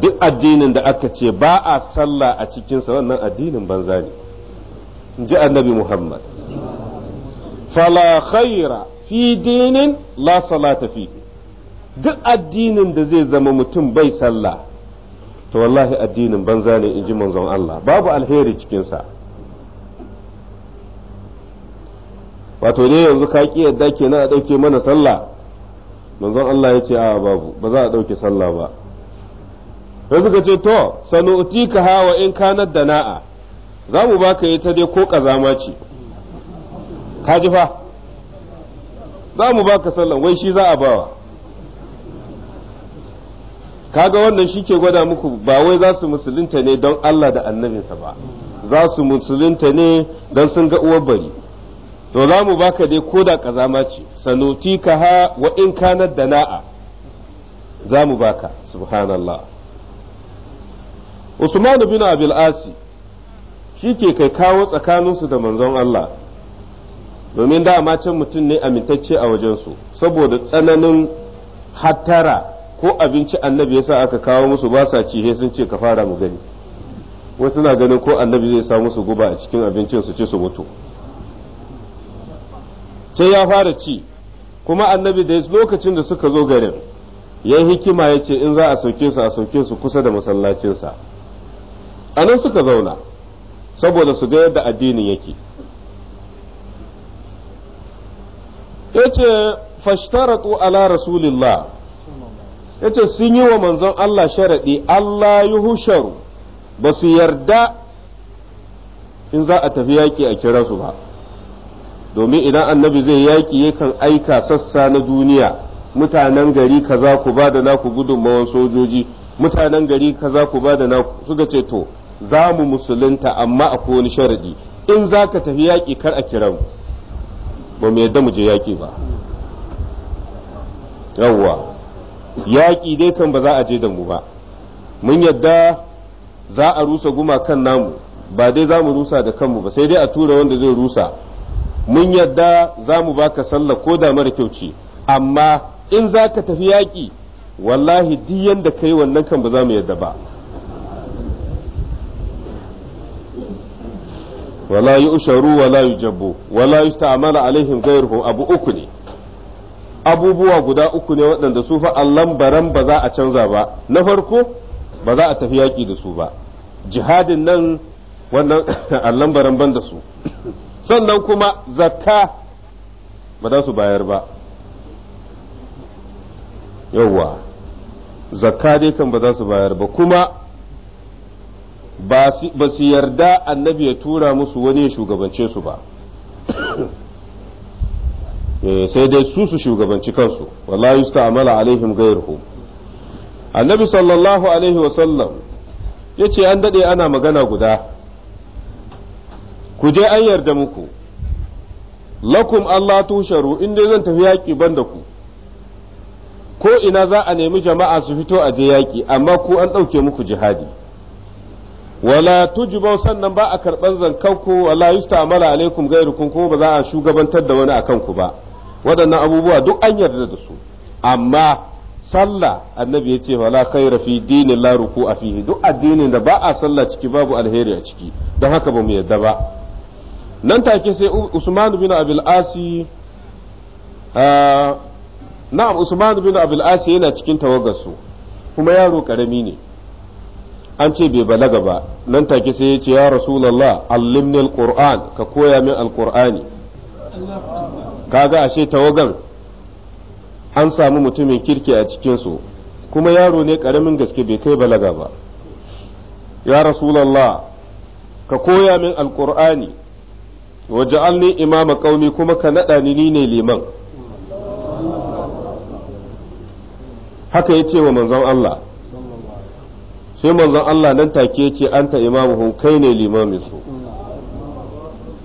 Speaker 1: duk addinin da aka ce ba a sallah a cikinsa wannan addinin banza ne ji annabi Muhammad fala khaira fi dinin la salata fihi duk addinin da zai zama mutum bai sallah to wallahi addinin banza ne in ji manzon Allah babu alheri cikinsa wato ne yanzu ka ki yadda kenan a dauke mana sallah manzon Allah ya ce a babu ba za a ɗauke sallah ba sai suka ce to sanu'tika hawa in kanar dana'a za mu baka yi ta dai ko kazama ce ka ji fa za mu baka sallan wai shi za a bawa kaga wannan shi ke gwada muku ba wai za su musulunta ne don Allah da annabinsa ba za su musulunta ne don sun ga uwar bari to za mu baka dai ko da kazama ce sanuti ka ha wa in kanar da na'a za mu baka subhanallah Usman bin Abil Asi shi ke kai kawo tsakaninsu da manzon Allah domin da can mutum ne amintacce a wajensu saboda tsananin hattara ko abinci annabi ya sa aka kawo musu ba sa ci sun ce ka fara mu gani wasu na ganin ko annabi zai sa musu guba a cikin abincin su ce su mutu sai ya fara ci kuma annabi da lokacin da suka zo garin ya yi hikima ya ce in za a sauke su a sauke su kusa da masallacinsa a nan suka zauna saboda su ga yadda addinin yake ya ce fashtaratu ala rasulillah yace sun yi wa manzon Allah sharaɗi Allah yi husharu ba su yarda in za a tafi yaƙi a kira su ba domin idan annabi zai yaki yakan aika sassa na duniya mutanen gari kaza ku ba da naku gudunmawan sojoji mutanen gari kaza ku ba da naku suka ce to za mu musulunta amma akwai wani sharaɗi in za ka tafi yaƙi kar a kira mu ba mu yadda mu je yaƙi ba yawwa yaƙi dai kan ba za a je da mu ba mun yadda za a rusa gumakan namu ba dai za mu rusa da kanmu ba sai dai a tura wanda zai rusa mun yadda za mu baka sallah ko da mara kyau amma in za ka tafi yaƙi wallahi duk ka kai wannan kan ba za mu yadda ba wala yi usharu wala yi jabbo wala yi sta'amala alaihim gairuhu abu uku ne abubuwa guda uku ne waɗanda su fa allan baran ba za a canza ba na farko ba za a tafi yaƙi da su ba jihadin nan wannan allan baran ban da su sannan kuma zakka ba za su bayar ba yawwa zakka dai kan ba za su bayar ba kuma ba su yarda annabi ya tura musu wani ya shugabance su ba Eh, sai dai su su shugabanci kansu wala ta'amala alaihim ghayruhum annabi sallallahu alaihi wasallam yace an dade ana magana guda ku je an yarda muku lakum Allah tusharu in dai zan tafi yaki ban da ku ko ina za a nemi jama'a su fito a je yaki amma ku an ɗauke muku jihadi wala tujibau sannan ba a karɓar zankanku wala amala alaikum gairukum ko ba za a shugabantar da wani a kanku ba waɗannan abubuwa duk an yarda da su amma sallah annabi ya ce wala khaira fi dinin la ruku a fihi duk addinin da ba a sallah ciki babu alheri a ciki don haka ba mu yarda ba nan take sai usman bin abil asi na'am usman bin abil asi yana cikin tawagarsu kuma yaro karami ne an ce bai balaga ba nan take sai ya ce ya rasulullah allimni alquran ka koya min alqur'ani kaga ashe tawagan an samu mutumin kirki a cikinsu kuma yaro ne karamin gaske bai kai balaga ba ya rasulallah ka koya min alƙur'ani waje imama ƙauni kuma ka naɗa ni ni ne liman haka ya ce wa manzon Allah sai manzon Allah nan take ce anta imamuhum kai ne limamin su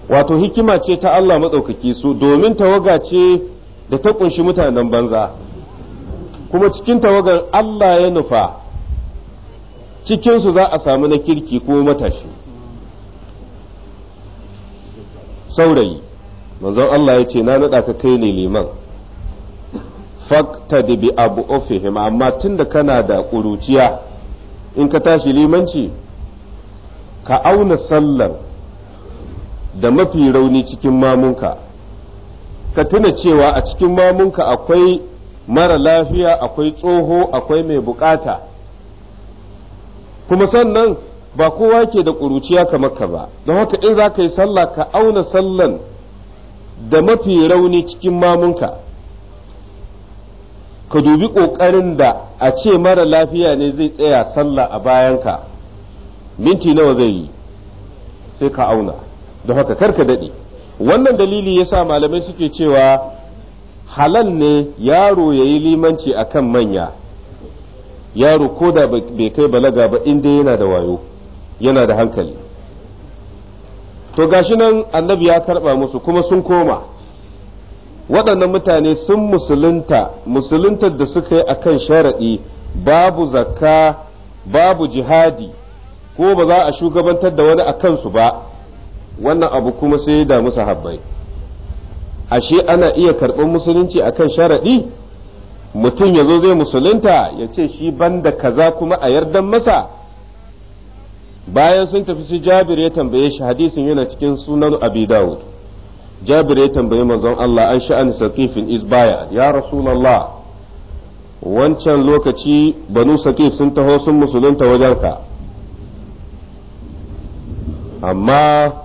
Speaker 1: wato hikima ce ta Allah matsaukaki su domin tawaga ce da ta kunshi mutanen banza kuma cikin tawagan Allah ya nufa cikinsu za a samu na kirki ko matashi saurayi manzon Allah ya ce na naɗa ka kai ne liman fakta da bi abu ofihim amma tunda kana da ƙuruciya in ka tashi limanci ka auna sallar da mafi rauni cikin mamunka ka tuna cewa a cikin mamunka akwai mara lafiya akwai tsoho akwai mai bukata kuma sannan ba kowa ke da ƙuruciya kamar ka ba don haka in za ka yi sallah ka auna sallan da mafi rauni cikin mamunka ka dubi ƙoƙarin da a ce mara lafiya ne zai tsaya sallah a bayanka minti nawa zai yi sai ka auna da haka karka daɗe wannan dalili yasa malamai suke cewa halal ne yaro ya yi limanci a kan manya yaro ko da bai kai balaga ba inda yana da wayo yana da hankali to gashi nan annabi ya karɓa musu kuma sun koma waɗannan mutane sun musulunta musuluntar da suka yi akan kan sharaɗi babu zakka babu jihadi ko ba za a shugabantar da wani a kansu ba wannan abu kuma sai da damu sahabbai ashe ana iya karɓar musulunci akan sharaɗi mutum ya zo zai musulunta ya ce shi banda kaza kuma a yardan masa bayan sun tafi su jabir ya tambaye shi hadisin yana cikin sunan abi dawud jabir ya tambaye manzon Allah an sha'an saqifin isbaya ya rasulullah wancan lokaci banu saqif sun taho sun musulunta wajenka amma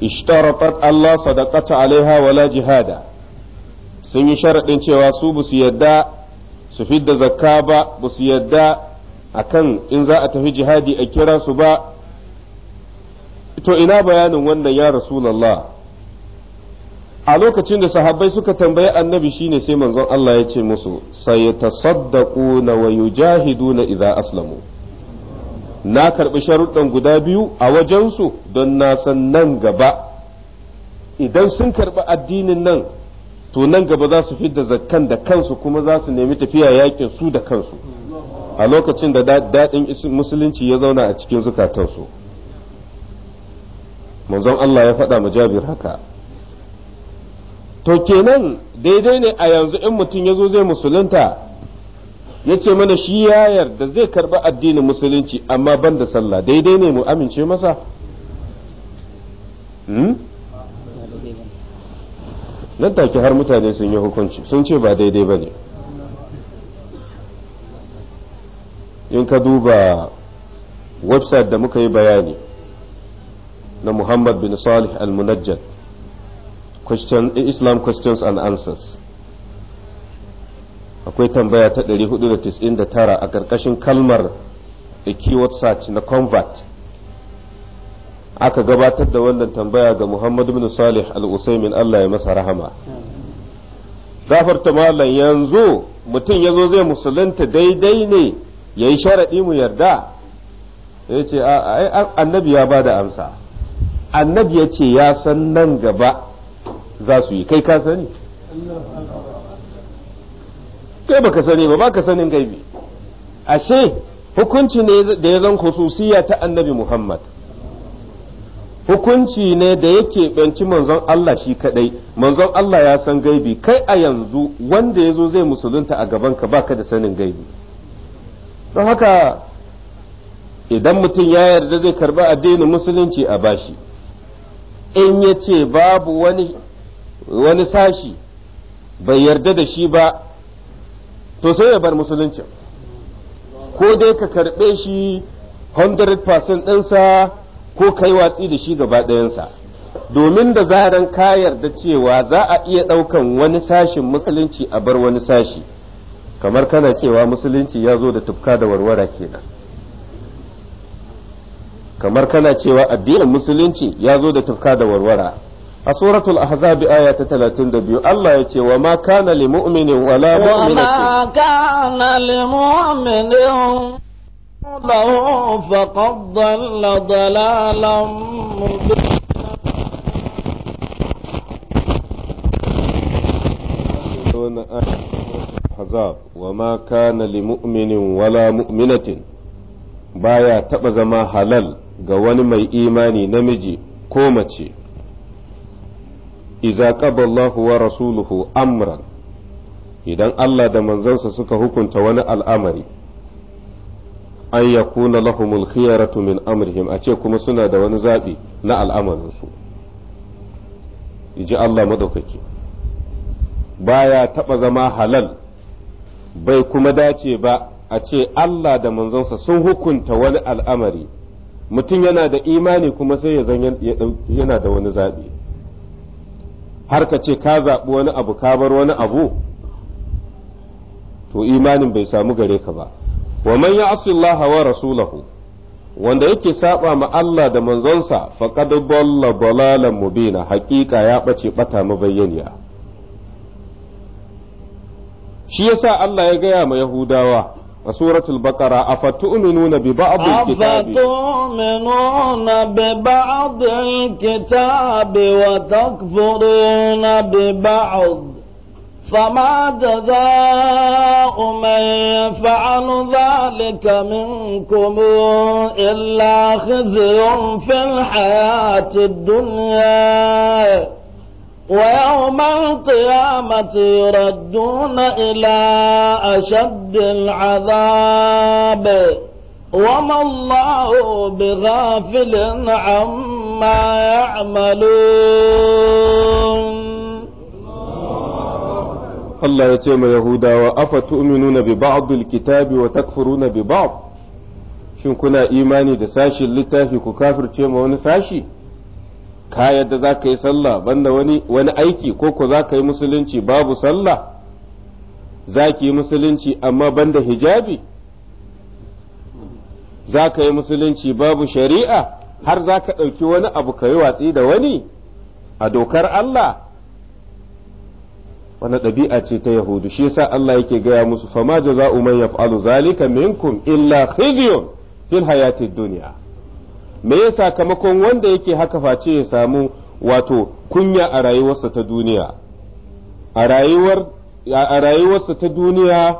Speaker 1: ishtaratat Allah sadaqata alaiha wala jihada sun yi sharaɗin cewa su basu su yadda su fidda zakka ba basu su yadda akan in za a tafi jihadi a kira su ba to ina bayanin wannan ya rasulallah a lokacin da sahabbai suka tambayi annabi shine sai manzon Allah ya ce musu sai tasaddaquna wa yujahiduna idza aslamu na karɓi sharuɗan guda biyu a wajensu don na san nan gaba idan sun karɓi addinin nan to nan gaba za su fidda zakkan da kansu kuma za su nemi tafiya yakin su da kansu a lokacin da daɗin musulunci ya zauna a cikin zukatansu manzon Allah ya faɗa ma jabir haka to kenan daidai ne a yanzu in mutum ya zo zai musulunta yace mana shi ya yarda zai karba addinin musulunci amma ban da sallah daidai ne mu amince masa hmm? nan take har mutane sun yi hukunci sun ce ba daidai ba ne in ka duba website da muka yi bayani na muhammad bin salih al-munajjad islam questions and answers akwai tambaya ta 499 a ƙarƙashin kalmar da keyword search na convert aka gabatar da wannan tambaya ga Muhammad bin Salih al-Usaimin Allah ya masa rahama gafarta malam yanzu mutum ya zo zai musulunta daidai ne ya yi sharaɗi mu yarda ya ce annabi ya ba da amsa annabi ya ce ya san nan gaba za su yi kai ka sani kai baka sani ba baka sanin gaibi ashe hukunci ne da ya zan khususiya ta annabi Muhammad hukunci ne da yake banci manzon Allah shi kadai manzon Allah ya san gaibi kai a yanzu wanda ya zo zai musulunta a gaban gabanka baka da sanin gaibi don haka idan mutum ya yarda zai karba addinin musulunci a bashi in yace babu wani sashi bai yarda da shi ba to sai ya bar musulunci ko dai ka karɓe shi 100% ɗinsa ko kai watsi da shi gaba ɗayansa domin da zaran ka yarda cewa za a iya ɗaukan wani sashin musulunci a bar wani sashi kamar kana cewa musulunci ya zo da tufka da warwara kenan kamar kana cewa addinin musulunci ya zo da tufka da warwara a suratul ahzab aya ta 32 Allah ya ce wa ma kana lil mu'minin wala mu'minatin wa ma
Speaker 2: kana lil mu'minin له فقد ضل ضلالا
Speaker 1: مبينا hazab wa ma kana li mu'minin wala mu'minatin baya taba zama halal ga wani mai imani namiji ko mace iza Allahu wa rasuluhu amran idan Allah da manzansa suka hukunta wani al'amari an yakuna lahumul khiyaratu min amrihim a ce kuma suna da wani zaɓi na al'amarinsu ji Allah madaukaki baya taɓa zama halal bai kuma dace ba a ce Allah da manzansa sun hukunta wani al'amari mutum yana da imani kuma sai ya yana da wani zaɓi har ka ce ka zaɓi wani abu ka bar wani abu to imanin bai samu gare ka ba wa man asu Allah wa rasulahu wanda yake saba ma Allah da manzonsa faqad dalla dalalan mubina haƙiƙa ya bace bata bayyaniya shi yasa Allah ya gaya ma Yahudawa سورة البقرة أفتؤمنون ببعض الكتاب
Speaker 2: أفتؤمنون ببعض الكتاب وتكفرون ببعض فما جزاء من يفعل ذلك منكم إلا خزي في الحياة الدنيا ويوم القيامة يردون إلى أشد العذاب
Speaker 1: وما الله
Speaker 2: بغافل عما يعملون
Speaker 1: الله يتيم يهودا وأفتؤمنون ببعض الكتاب وتكفرون ببعض شنكنا إيماني دساشي اللي تافي كافر تيم ونساشي ka yadda za ka yi sallah banda wani wani aiki ko ko za ka yi musulunci babu sallah za ki yi musulunci amma banda hijabi za ka yi musulunci babu shari'a har za ka ɗauki wani abu ka yi watsi da wani a dokar Allah wani ɗabi'a ce ta yahudu shi yasa Allah yake gaya musu fama jaza'u man yaf'alu zalika minkum illa khizyun fil hayatid duniya. me ya sakamakon wanda yake haka face ya samu wato kunya a rayuwarsa ta duniya a rayuwarsa ta duniya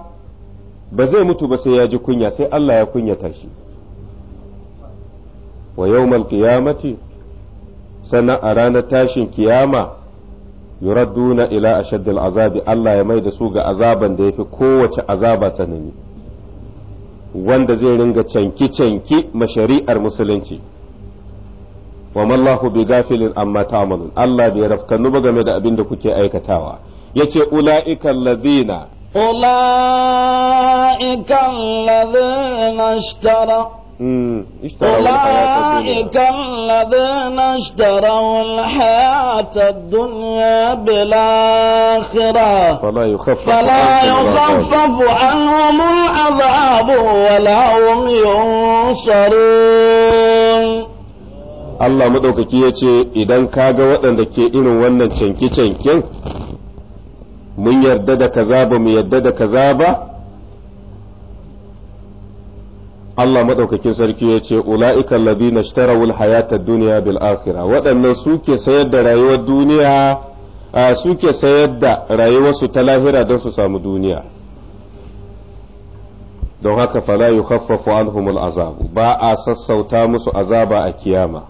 Speaker 1: ba zai mutu ba sai ya ji kunya sai Allah ya kunyata shi wa yawmal qiyamati sannan a ranar tashin kiyama yuradduna ila ashaddil azabi Allah ya mai da su ga azaban da ya fi kowace azaba tsanani wanda zai ringa canki-canki mashari'ar musulunci wa mallahu bi gafilin amma ta'malun Allah bai rafkanu ba game da abin da kuke aikatawa yace ulaika allazina
Speaker 2: ulaika allazina ishtara أولئك الذين اشتروا الحياة الدنيا بالآخرة فلا يخفف, فلا يخفف عنهم العذاب ولا هم
Speaker 1: ينصرون Allah maɗaukaki ya ce idan ka ga waɗanda ke irin wannan canke-canken mun yarda da kaza ba mu yarda da kaza ba Allah maɗaukakin sarki ya ce ula'ikan ladina shtarawul hayatar duniya bil'afira akhira waɗannan suke sayar da rayuwar duniya suke sayar da rayuwarsu ta lahira don su samu duniya don haka fala yukhaffafu anhumul azabu ba a sassauta musu azaba a kiyama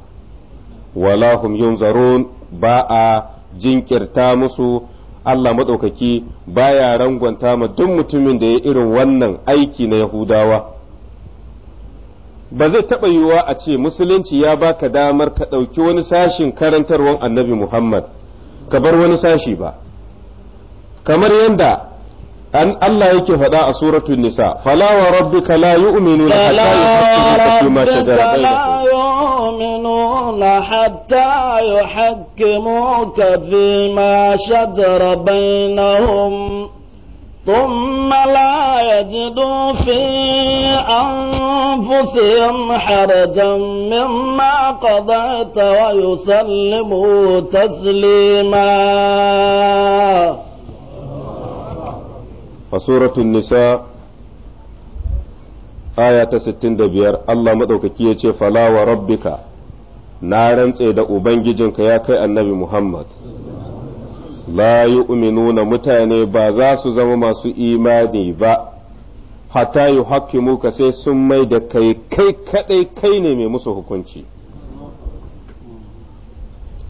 Speaker 1: wala hum yunzarun ba a jinkirta musu Allah maɗaukaki baya rangwanta ma duk mutumin da ya irin wannan aiki na Yahudawa ba zai taɓa yiwuwa a ce musulunci ya baka damar ka ɗauki wani sashin karantarwar annabi Muhammad ka bar wani sashi ba kamar yadda an Allah yake faɗa a suratul nisa fala wa rabbika la yu'minuna hatta yu'minu
Speaker 2: يرضون حتى يحكموك فيما شجر بينهم ثم لا يجدوا في أنفسهم حرجا مما قضيت ويسلموا تسليما
Speaker 1: فسورة النساء آية ستين دبير الله مدوك كيتي فلا وربك na rantse da ubangijinka ya kai annabi Muhammad la na mutane ba za su zama masu imani ba hatta haƙƙi ka sai sun mai da kai kai kaɗai kai ne mai musu hukunci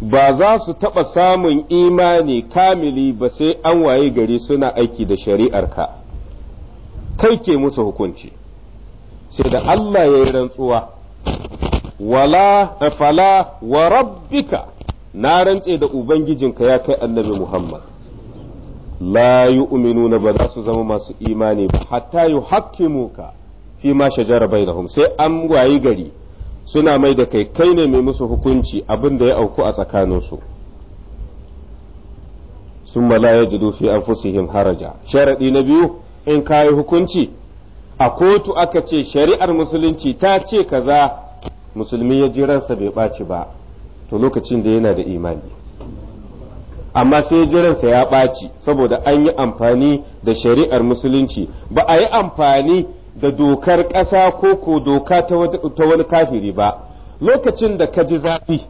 Speaker 1: ba za su taɓa samun imani kamili ba sai an waye gari suna aiki da shari'arka kai ke musu hukunci sai da Allah ya yi rantsuwa wala fala wa rabbika na rantse da ubangijinka ya kai annabi Muhammad la yu'minuna ba za su zama masu imani ba hatta yuhaqqimuka fi ma shajara bainahum sai an wayi gari suna mai da kai kai ne mai musu hukunci abin da ya auku a tsakaninsu sun la yajidu fi anfusihim haraja sharadi na biyu in kai hukunci a kotu aka ce shari'ar musulunci ta ce kaza musulmi ya ji ransa bai ɓaci ba to lokacin da yana da imani amma sai ji ransa ya ɓaci saboda an yi amfani da shari'ar musulunci ba a yi amfani da dokar ƙasa ko ko doka ta wani kafiri ba lokacin da ka ji zafi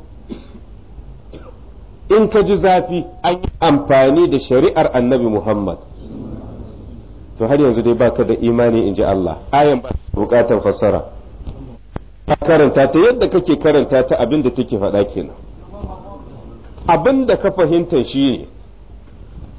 Speaker 1: in ka ji zafi an yi amfani da shari'ar annabi muhammad to har yanzu dai baka da imani in ji allah ayan ba bukatar fassara ka karanta ta yadda kake karanta ta abin da take faɗa kenan abin da ka fahimta shi ne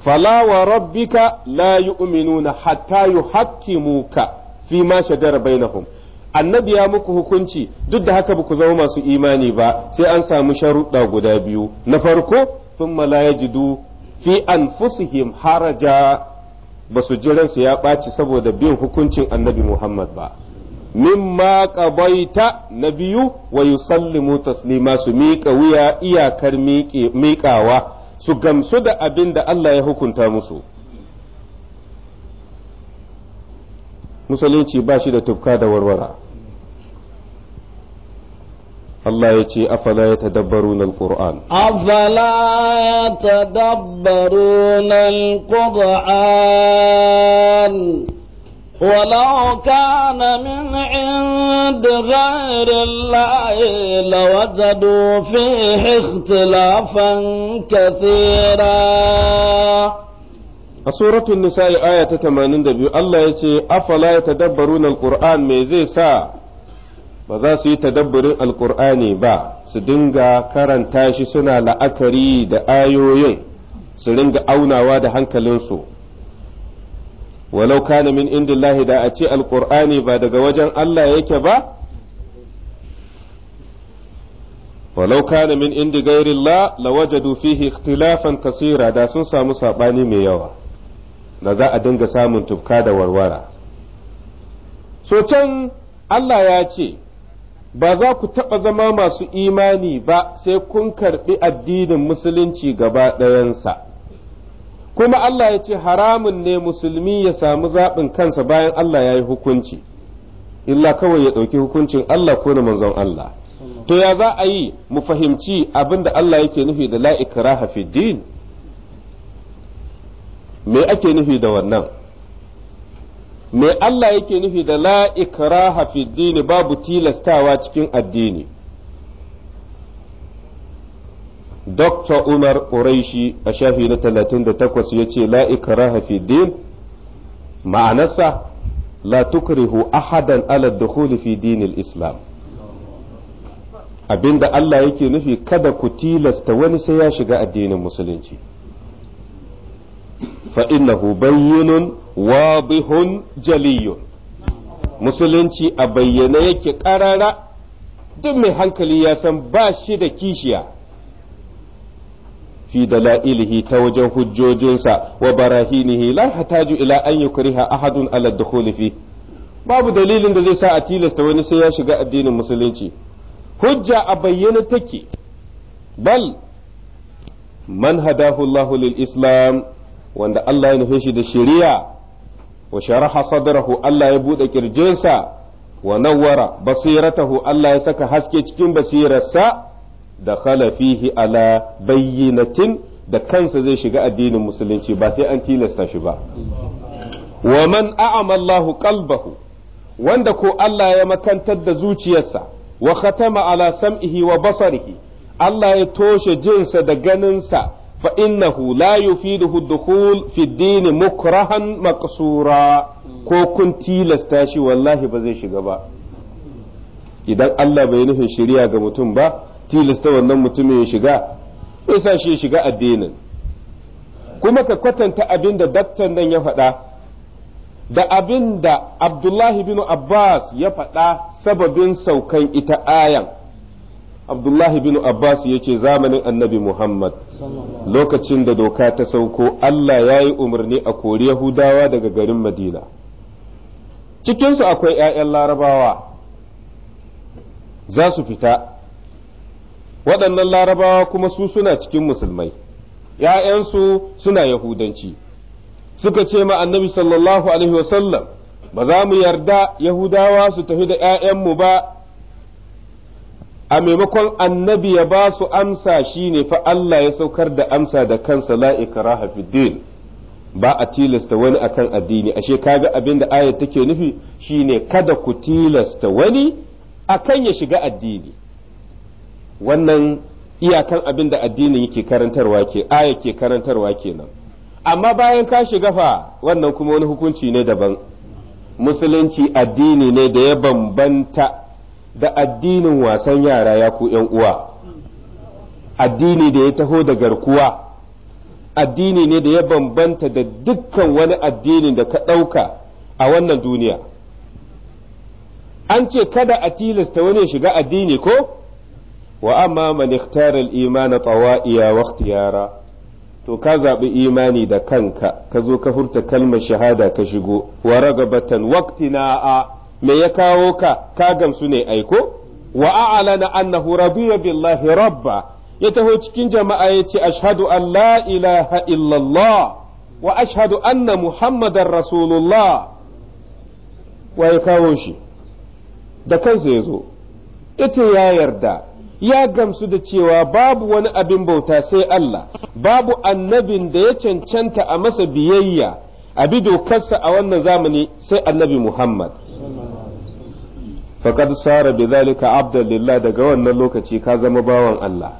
Speaker 1: fala wa rabbika la yu'minuna hatta yuhaqqimuka fi ma shajara bainahum annabi ya muku hukunci duk da haka ku zama masu imani ba sai an samu sharuɗa guda biyu na farko thumma la yajidu fi anfusihim haraja ba su ya ɓaci saboda bin hukuncin annabi Muhammad ba mimma qabaita na biyu wa yusallimu taslima su miƙa wuya iyakar miƙawa su gamsu da abin da Allah ya hukunta musu musulunci ba shi da tufka da warwara Allah ya ce afala ya tadabbaru na al
Speaker 2: Afala ya tadabbaru na al ولو كان من عند غير الله لوجدوا فيه اختلافا كثيرا
Speaker 1: a suratun nisa'i aya ta 82 Allah ya ce afala ya tadabbarun alquran me zai sa ba za su yi tadabburin alqur'ani ba su dinga karanta shi suna la'akari da ayoyin su ringa aunawa da hankalinsu walau kana min indillahi da a ce Alƙur'ani ba daga wajen Allah yake ba walau kana min indi ghairillah lawajadu fihi ikhtilafan kasira da sun samu saɓani mai yawa da za a dinga samun tufka da warwara so Allah ya ce ba za ku taɓa zama masu imani ba sai kun karɓi addinin musulunci gaba ɗayansa kuma Allah ya ce haramun ne musulmi ya samu zaɓin kansa bayan Allah ya yi hukunci illa kawai ya ɗauki hukuncin Allah ko na manzon Allah to ya za a yi mu fahimci abin da Allah yake nufi da la ikraha fi din me ake nufi da wannan me Allah yake nufi da la ikraha fi dini babu tilastawa cikin addini Dr. Umar Ureishi a shafi na talatin da takwas ya ce la ikraha fi din ma'anarsa la tukrihu ahadan ala dukhuli fi dinil islam abinda Allah yake nufi kada ku tilasta wani sai ya shiga addinin musulunci fa innahu bayyinun wadihun jaliyun musulunci a bayyane yake ƙarara duk mai hankali ya san ba shi da kishiya fi dalailihi ta wajen hujjojinsa wa barahinihi la hataju ila an yukriha ahadun ala dukhuli fi babu dalilin da zai sa a tilasta wani sai ya shiga addinin musulunci hujja a bayyana take bal man hadahu islam wanda Allah ya nufe shi da shiriya wa sharaha sadrahu Allah ya buɗe kirjinsa wa nawwara basiratahu Allah ya saka haske cikin basirarsa da fihi ala bayyinatin da kansa zai shiga addinin musulunci ba sai an tilasta shi ba wa man a'ama Allahu qalbahu wanda ko Allah ya makantar da zuciyarsa wa khatama ala sam'ihi wa basarihi Allah ya toshe jinsa da ganinsa fa innahu la yufiduhu dukhul fi din mukrahan maqsura ko kun tilasta shi wallahi ba zai shiga ba idan Allah bai nufin shari'a ga mutum ba tilasta wannan mutumin ya shiga ya sa shi ya shiga addinin kuma ka kwatanta abin da daktar nan ya faɗa da abin da abdullahi bin abbas ya faɗa sababin saukan ita ayan abdullahi bin abbas ya ce zamanin annabi muhammad lokacin da doka ta sauko allah ya yi umarni a kori yahudawa daga garin madina cikinsu akwai 'ya'yan larabawa za su fita waɗannan larabawa kuma su suna cikin musulmai ‘ya'yansu suna yahudanci suka ce ma annabi sallallahu alaihi wasallam ba za mu yarda yahudawa su tafi da ‘ya'yanmu ba a maimakon annabi ya ba su amsa shi ne fa Allah ya saukar da amsa da kansa la'ikara din ba a tilasta wani akan addini ashe kaga abin da ayat take nufi shine kada ku tilasta wani akan ya shiga addini wannan iyakan abin da addini yake karantarwa ke aya ke karantarwa kenan amma bayan ka shiga fa wannan kuma wani hukunci ne daban musulunci addini ne da ya bambanta da addinin wasan yara ya ku yan uwa addini da ya taho da garkuwa addini ne da ya bambanta da dukkan wani addinin da ka ɗauka a wannan duniya an ce kada a tilasta wani shiga addini ko wa amma man ikhtara al-iman to ka zaɓi imani da kanka ka zo ka furta kalmar shahada ka shigo wa ragabatan a me ya kawo ka ka gamsu ne aiko wa a'lana annahu rabi billahi rabba ya taho cikin jama'a yace ashhadu an la ilaha illallah wa ashhadu anna muhammadar rasulullah wa ya kawo shi da kansa ya zo ita ya yarda ya gamsu da cewa babu wani abin bauta sai Allah babu annabin da ya cancanta a masa biyayya a bi dokarsa a wannan zamani sai annabi Muhammad faqad sara bi zalika abdulillah daga wannan lokaci ka zama bawan Allah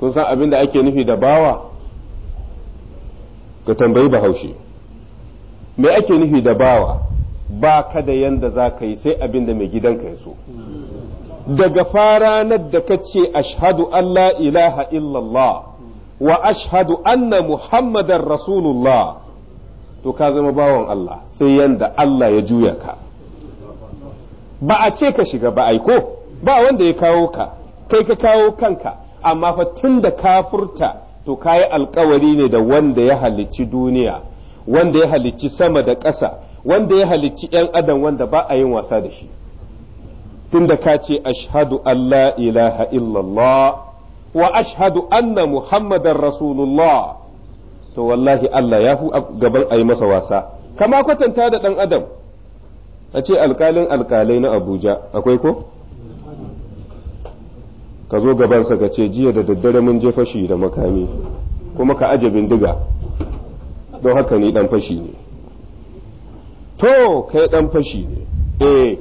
Speaker 1: kun san abin da ake nufi da bawa ka tambayi bahaushe me ake nufi da bawa ba ka da yanda za ka yi sai abin da mai gidanka ya so daga faranar da ka ce ashhadu Allah ilaha illallah wa ashhadu anna muhammadan rasulullah to ka zama bawan Allah sai yanda Allah ya juya ka ba a ce ka shiga ba aiko ba wanda ya kawo ka kai ka kawo kanka amma fa tun da furta to kayi alkawari ne da wanda ya halicci duniya wanda ya halicci sama da ƙasa wanda ya halicci 'yan adam wanda ba a yin wasa da shi tunda ka ce ashhadu Allah ilaha illallah wa ashhadu anna muhammadan rasulullah to wallahi Allah ya fi gaban a yi masa wasa kama kwatanta da ɗan adam a ce alkalin alkalai na abuja akwai ko ka zo gabansa ka ce jiya da daddare mun je fashi da makami kuma ka aje bindiga don haka ni dan fashi ne to kai dan fashi ne eh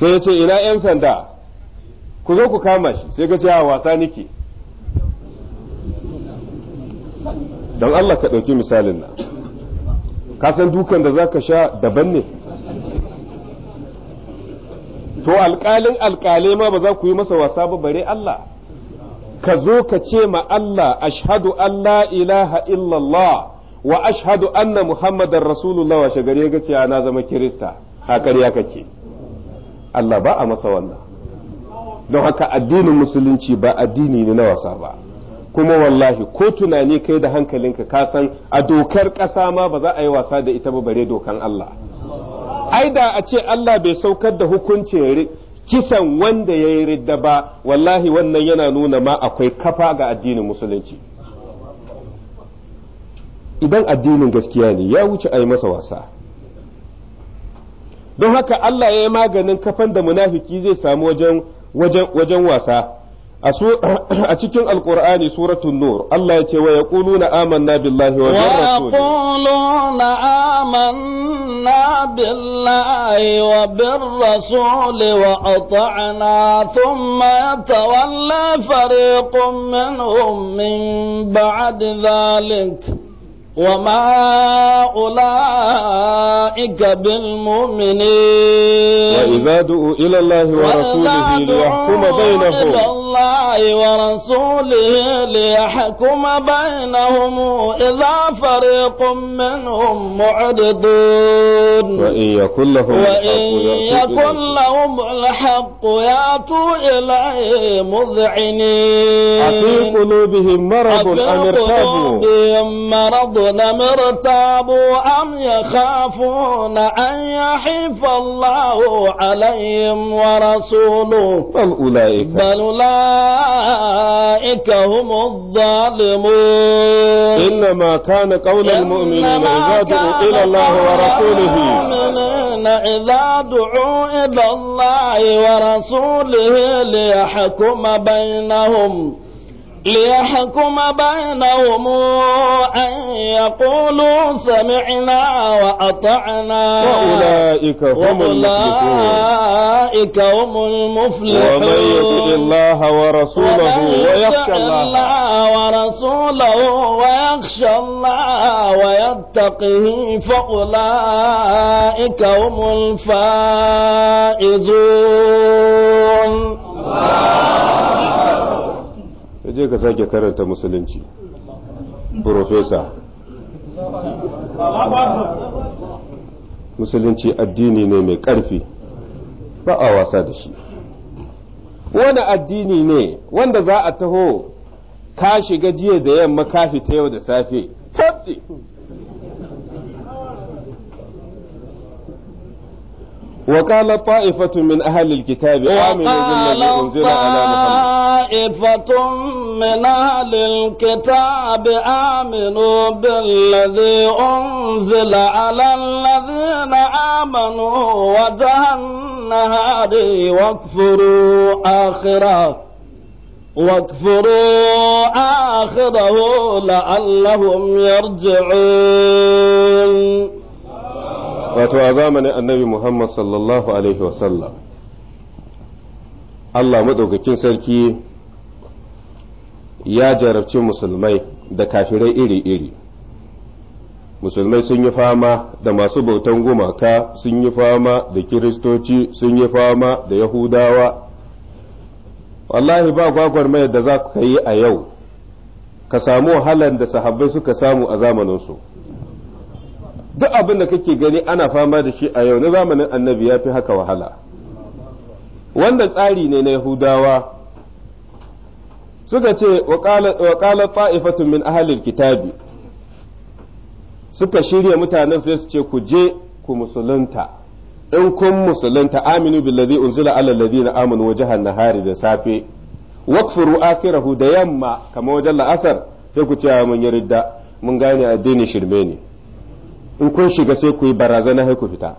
Speaker 1: sai ya ce ina yan sanda ku zo ku kama shi sai ka ce a wasa nake don Allah ka ɗauki misalin nan ka san dukan da za ka sha daban ne to alƙalin alƙale ma ba za ku yi masa wasa ba bare Allah ka zo ka ce ma Allah ashhadu an la ilaha illallah wa ashhadu anna muhammadar rasulullah wa shagari ya ce na zama kirista a ƙarya kake Allah ba a masa wannan don haka addinin musulunci ba addini ne na wasa ba kuma wallahi ko tunani kai da hankalinka ka san a dokar ƙasa ma ba za a yi wasa da ita ba bare dokan Allah ai da a ce Allah bai saukar da hukuncin kisan wanda ya yi ridda ba wallahi wannan yana nuna ma akwai kafa ga addinin musulunci idan addinin gaskiya ne ya wuce a yi masa wasa don haka Allah ya yi maganin kafan da munafiki zai samu wajen wajen wasa a cikin alkur'ani suratun nur Allah ya ce wa yaquluna amanna billahi wa bir
Speaker 2: yaquluna amanna billahi wa bir rasul wa ata'na thumma tawalla fariqun minhum min ba'd dhalik وما أولئك بالمؤمنين
Speaker 1: وإذا دعوا إلى الله ورسوله ليحكم بينهم
Speaker 2: الله ورسوله ليحكم بينهم إذا فريق منهم معرضون وإن
Speaker 1: يكن لهم وإن يكن
Speaker 2: لهم الحق يأتوا إليه مذعنين
Speaker 1: أفي قلوبهم مرض أم ارتابوا قلوبهم
Speaker 2: مرض أم ارتابوا أم يخافون أن يحيف الله عليهم ورسوله
Speaker 1: بل أولئك بل
Speaker 2: أولئك أولئك هم الظالمون إنما
Speaker 1: كان قول المؤمنين إذا
Speaker 2: دعوا إلى الله ورسوله إذا دعوا إلى الله ورسوله ليحكم بينهم ليحكم بينهم أن يقولوا سمعنا وأطعنا وأولئك
Speaker 1: هم وأولئك هم المفلحون ومن يطع الله ورسوله
Speaker 2: ويخشى الله ورسوله ويخشى الله ويتقه فأولئك هم
Speaker 1: الفائزون الله je ka sake karanta musulunci profesa musulunci addini ne mai ƙarfi ba a wasa da shi wani addini ne wanda za a taho ka shiga jiya da yamma kafi ta yau da safe وقال طائفة من أهل الكتاب آمنوا بالذي أنزل على
Speaker 2: طائفة من أهل الكتاب آمنوا بالذي أنزل على الذين آمنوا وجه النهار واكفروا آخره واكفروا آخره لعلهم
Speaker 1: يرجعون wato a zamanin annabi Muhammad sallallahu Alaihi wasallam Allah maɗaukakin sarki ya jarabci musulmai da kafirai iri-iri musulmai sun yi fama da masu bautan gumaka sun yi fama da kiristoci sun yi fama da yahudawa wallahi ba gwagwarmayar da za ka yi a yau ka samu wahalar da sahabbai suka samu a zamaninsu duk abin da kake gani ana fama da shi a yau na zamanin annabi ya fi haka wahala wanda tsari ne na yahudawa suka ce wa qala ta'ifatun min ahlil kitabi suka shirya mutanen sai su ce ku je ku musulunta in kun musulunta aminu billazi unzila ala alladhina amanu wajhan nahari da safe wakfuru akhirahu da yamma kamar wajen la'asar sai ku ce mun yarda mun gane addini shirme ne in kun shiga sai ku yi barazana sai ku fita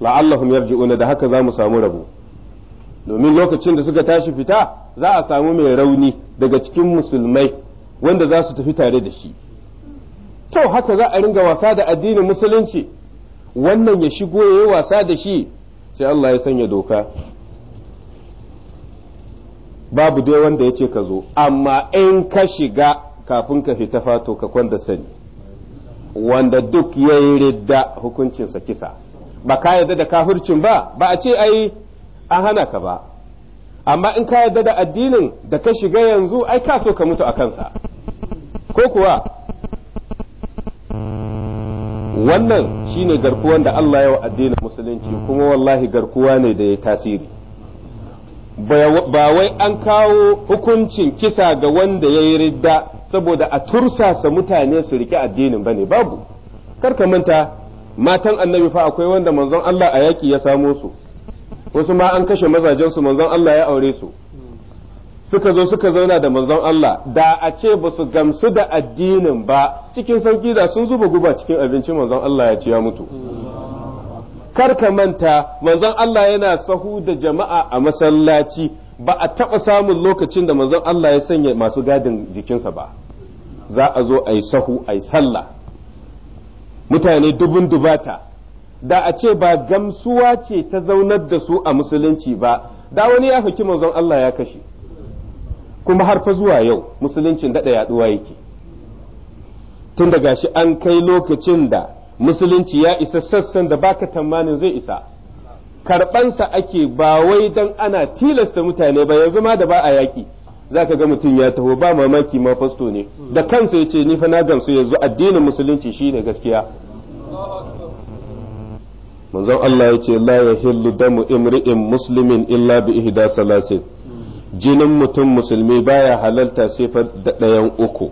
Speaker 1: la'allahum yarji'una da haka za mu samu rabo domin lokacin da suka tashi fita za a samu mai rauni daga cikin musulmai wanda za su tafi tare da shi to haka za a ringa wasa da addinin musulunci wannan ya shigo ya yi wasa da shi sai Allah ya sanya doka babu dai wanda ya ce ka zo amma in ka shiga kafin ka fita fato ka kwanda sani wanda duk ya yi ridda hukuncinsa kisa ba ka yarda da kafircin ba ba a ce ai a hana ka ba amma in ka yarda da addinin da ka shiga yanzu ai ka so ka mutu a kansa ko kuwa wannan shi ne garkuwan da Allah ya wa addinin musulunci kuma wallahi garkuwa ne da ya tasiri ba wai an kawo hukuncin kisa ga wanda ya yi ridda saboda a tursasa mutane su rike addinin bane babu karka manta matan annabi fa akwai wanda manzon Allah a yaki ya samo su wasu ma an kashe mazajen su manzon Allah ya aure su suka zo suka zauna da manzon Allah da a ce ba su gamsu da addinin ba cikin sauki da sun zuba guba cikin abincin manzon Allah ya ci ya mutu kar ka manta manzon Allah yana sahu da jama'a a masallaci ba a taɓa samun lokacin da manzon Allah ya sanya masu gadin jikinsa ba za a zo a yi sahu a yi sallah mutane dubun dubata da a ce ba gamsuwa ce ta zaunar da su a musulunci ba da wani ya haki manzon Allah ya kashe kuma har fa zuwa yau musuluncin daɗa yaɗuwa yake tun daga shi an kai lokacin da musulunci ya isa sassan da baka tamanin zai isa karɓansa ake ba wai don ana tilasta mutane ba yanzu ma da ba a yaƙi za ka ga mutum ya taho ba mamaki ma fasto ne da kansa ya ce ni fa na gamsu yanzu addinin musulunci shi ne gaskiya manzon Allah ya ce la ya hillu damu imri'in muslimin illa bi ihda salasin jinin mutum musulmi baya halalta sifar da ɗayan uku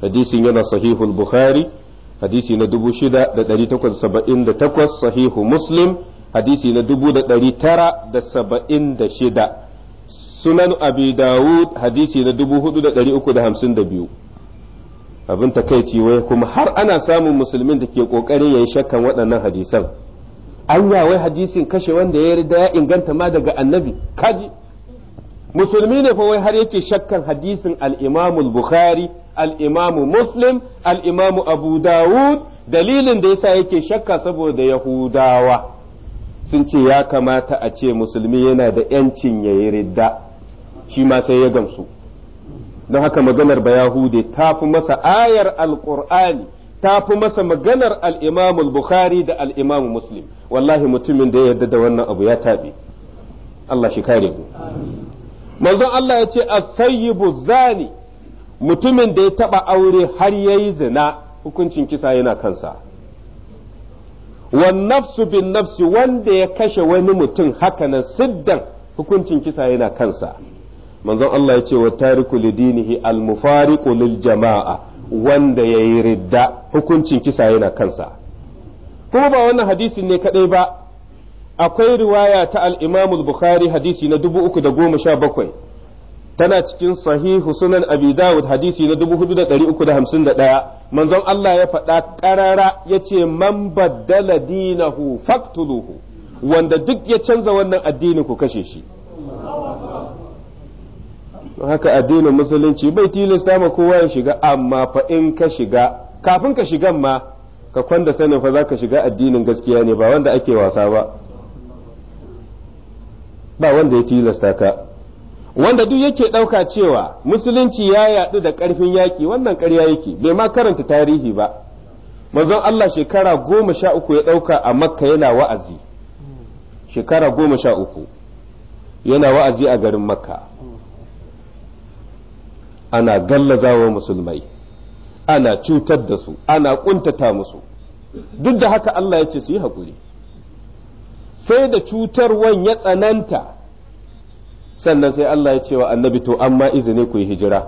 Speaker 1: hadisin yana sahihul bukhari hadisi na dubu shida da da ɗari takwas saba'in takwas sahihu muslim hadisi na dubu da da da ɗari tara saba'in shida. sunan abi dawud hadisi na 4352 abin takaici wai kuma har ana samun musulmin da ke kokari yayi shakkan waɗannan hadisan anya wai hadisin kashe wanda ya yarda ya inganta ma daga annabi kaji musulmi ne fa wai har yake shakkan hadisin al bukhari al imamu muslim al imamu abu dawud dalilin da yasa yake shakka saboda yahudawa sun ce ya kamata a ce musulmi yana da ‘yancin ya yi ridda shi ma sai ya gamsu don haka maganar bayahude ta fi masa ayar alkur'ani ta fi masa maganar al'imamul bukhari da al'imamu muslim wallahi mutumin da ya yarda da wannan abu ya taɓe Allah shi kare ku manzon Allah ya ce asayyibu zani mutumin da ya taɓa aure har ya yi zina hukuncin kisa yana kansa wan nafsu bin nafsi wanda ya kashe wani mutum hakanan siddan hukuncin kisa yana kansa manzon Allah ya ce wa tariku lidinihi al-mufariqu lil jama'a wanda yayi ridda hukuncin kisa yana kansa kuma ba wannan hadisin ne kadai ba akwai riwaya ta al-Imam al-Bukhari hadisi na 317 tana cikin sahihu sunan Abi Dawud hadisi na 4351 manzon Allah ya faɗa karara yace man baddala dinahu faktuluhu wanda duk ya canza wannan addinin ku kashe shi don haka addinin musulunci bai tilasta ma kowa ya shiga amma fa in ka shiga kafin ka shigan ma ka kwanda sanin fa za ka shiga addinin gaskiya ne ba wanda ake wasa ba ba wanda ya tilasta ka wanda duk yake ɗauka cewa musulunci ya yaɗu da karfin yaki wannan ƙarya yake bai ma karanta tarihi ba manzon Allah shekara goma sha uku ya ɗauka a makka yana wa'azi shekara goma sha uku yana wa'azi a garin makka ana gallazawa musulmai ana cutar da su ana ƙuntata musu duk da haka Allah ya ce su yi haƙuri sai da cutarwan ya tsananta sannan sai Allah ya ce wa annabi to amma izini ku yi hijira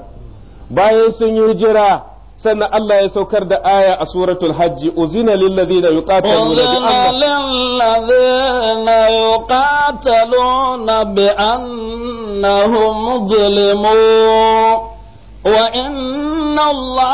Speaker 1: bayan sun yi hijira sannan Allah ya saukar da aya a suratul hajji uzina lillazina yuqataluna bi
Speaker 2: lillazina yuqataluna bi annahum zulimu وإن الله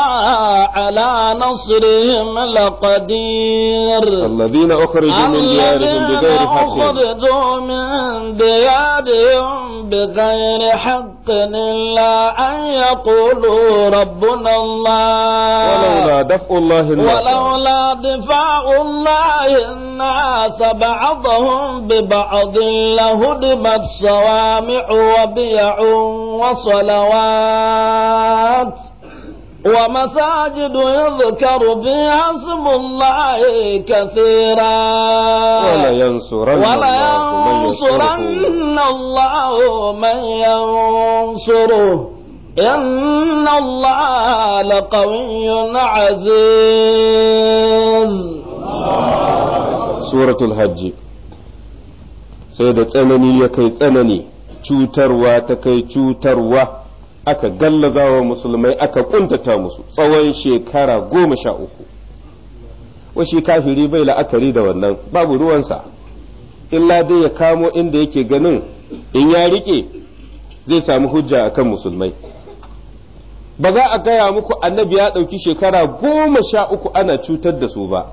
Speaker 2: على نصرهم لقدير
Speaker 1: الذين أخرجوا من ديارهم بغير حق أخرجوا
Speaker 2: من ديارهم بغير حق إلا أن يقولوا ربنا الله ولولا
Speaker 1: دفع الله الناس
Speaker 2: ولولا دفع الله الناس بعضهم ببعض لهدمت صوامع وبيع وصلوات الصلوات ومساجد يذكر فيها اسم الله كثيرا ولينصرن ولينصرن الله من ينصره إن الله لقوي عزيز
Speaker 1: سورة الحج سيدة أنني يكي أنني cutarwa ta kai cutarwa aka wa musulmai aka kuntata musu tsawon shekara goma sha uku washi kafiri bai la'akari da wannan babu ruwansa illa dai ya kamo inda yake ganin in ya rike zai samu hujja akan musulmai ba za a gaya muku annabi ya ɗauki shekara goma sha uku ana cutar da su ba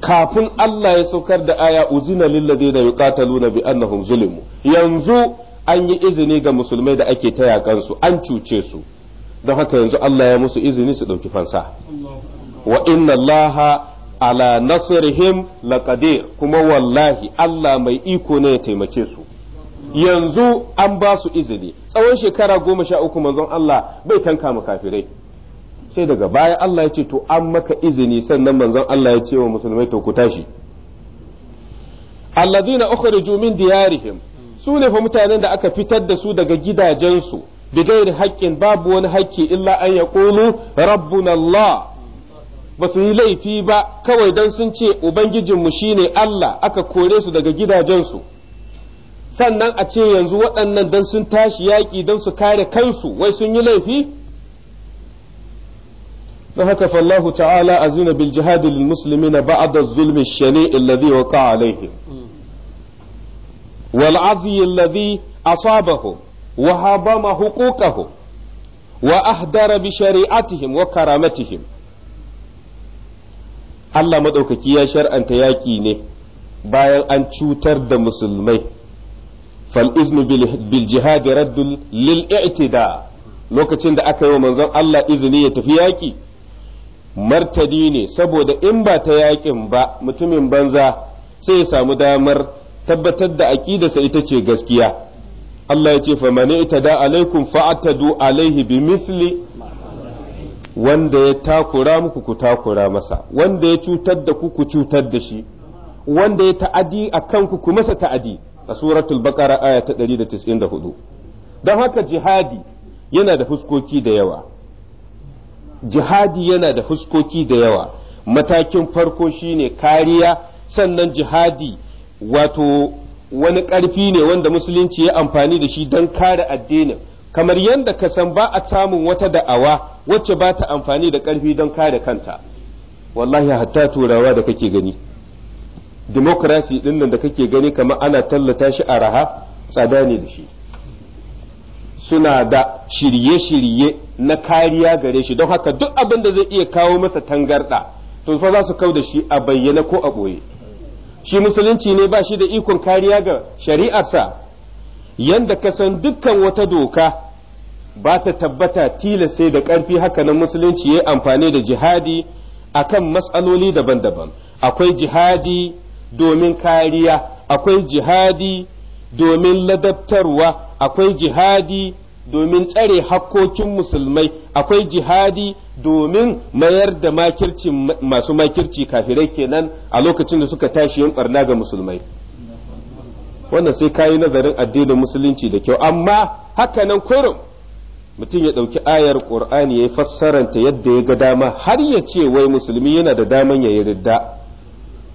Speaker 1: kafin Allah ya saukar da aya uzina lillazina yuqataluna bi annahum zulimu yanzu an yi izini ga musulmai da ake ta kansu an cuce su don haka yanzu Allah ya musu izini su ɗauki fansa wa inna Allah ala nasrihim laqadir kuma wallahi Allah mai iko ne ya taimake su yanzu an ba su izini tsawon shekara goma sha uku manzon Allah bai tanka mu kafirai sai daga baya Allah ya ce to an maka izini sannan manzon Allah ya ce wa musulmai to ku tashi alladhina ukhriju min diyarihim su ne fa mutanen da aka fitar da su daga gidajensu bigairi haƙƙin babu wani haƙƙi illa an ya ƙulu rabbuna Allah ba su yi laifi ba kawai don sun ce ubangijinmu shine Allah aka kore su daga gidajensu sannan a ce yanzu waɗannan don sun tashi yaƙi don su kare kansu wai sun yi laifi don haka fallahu ta'ala azina bil jihadi lil na ba'da zulmi shani'i alladhi waka alaihim wal azyi alladhi asabahu wa habama huquqahu wa ahdara bi shari'atihim wa karamatihim Allah madaukaki ya shar'anta yaƙi ne bayan an cutar da musulmai fal iznu biljihadi jihad raddun lil i'tida lokacin da aka yi wa manzon Allah izini ya tafi yaƙi. martadi ne saboda in ba ta yaƙin ba mutumin banza sai ya samu damar tabbatar da aqidarsa ita ce gaskiya Allah ya ce fa ita da alaikum fa'atadu alaihi bi misli wanda ya takura muku ku takura masa wanda ya cutar da ku ku cutar da shi wanda ya ta'adi a kanku ku masa ta'adi a suratul baqara aya ta 194 don haka jihadi yana da fuskoki da yawa jihadi yana da fuskoki da yawa matakin farko shine kariya sannan jihadi wato wani ƙarfi ne wanda musulunci ya amfani da shi don kare addinin kamar yadda ka san ba a samun wata da'awa wacce ba ta amfani da ƙarfi don kare kanta wallahi hatta turawa da kake gani demokrasi ɗin nan da kake gani kamar ana tallata shi a raha tsada ne da shi suna da shirye-shirye na kariya gare shi don haka duk abin da zai iya kawo masa tangarɗa to fa za su kau da shi a bayyana ko a ɓoye shi musulunci ne ba shi da ikon kariya ga shari'arsa yanda ka san dukkan wata doka ba ta tabbata tilastai da ƙarfi haka hakanan musulunci ya amfani da jihadi a kan matsaloli daban-daban akwai jihadi domin kariya akwai jihadi domin ladabtarwa akwai jihadi domin tsare hakkokin musulmai akwai jihadi domin mayar da makirci masu makirci kafirai kenan a lokacin da suka tashi yin barna ga musulmai wannan sai kayi nazarin addinin musulunci da kyau amma hakanan kurum mutum ya ɗauki ayar ƙur'ani ya fassaranta yadda ya ga dama har ya ce wai musulmi yana da daman ya yi ridda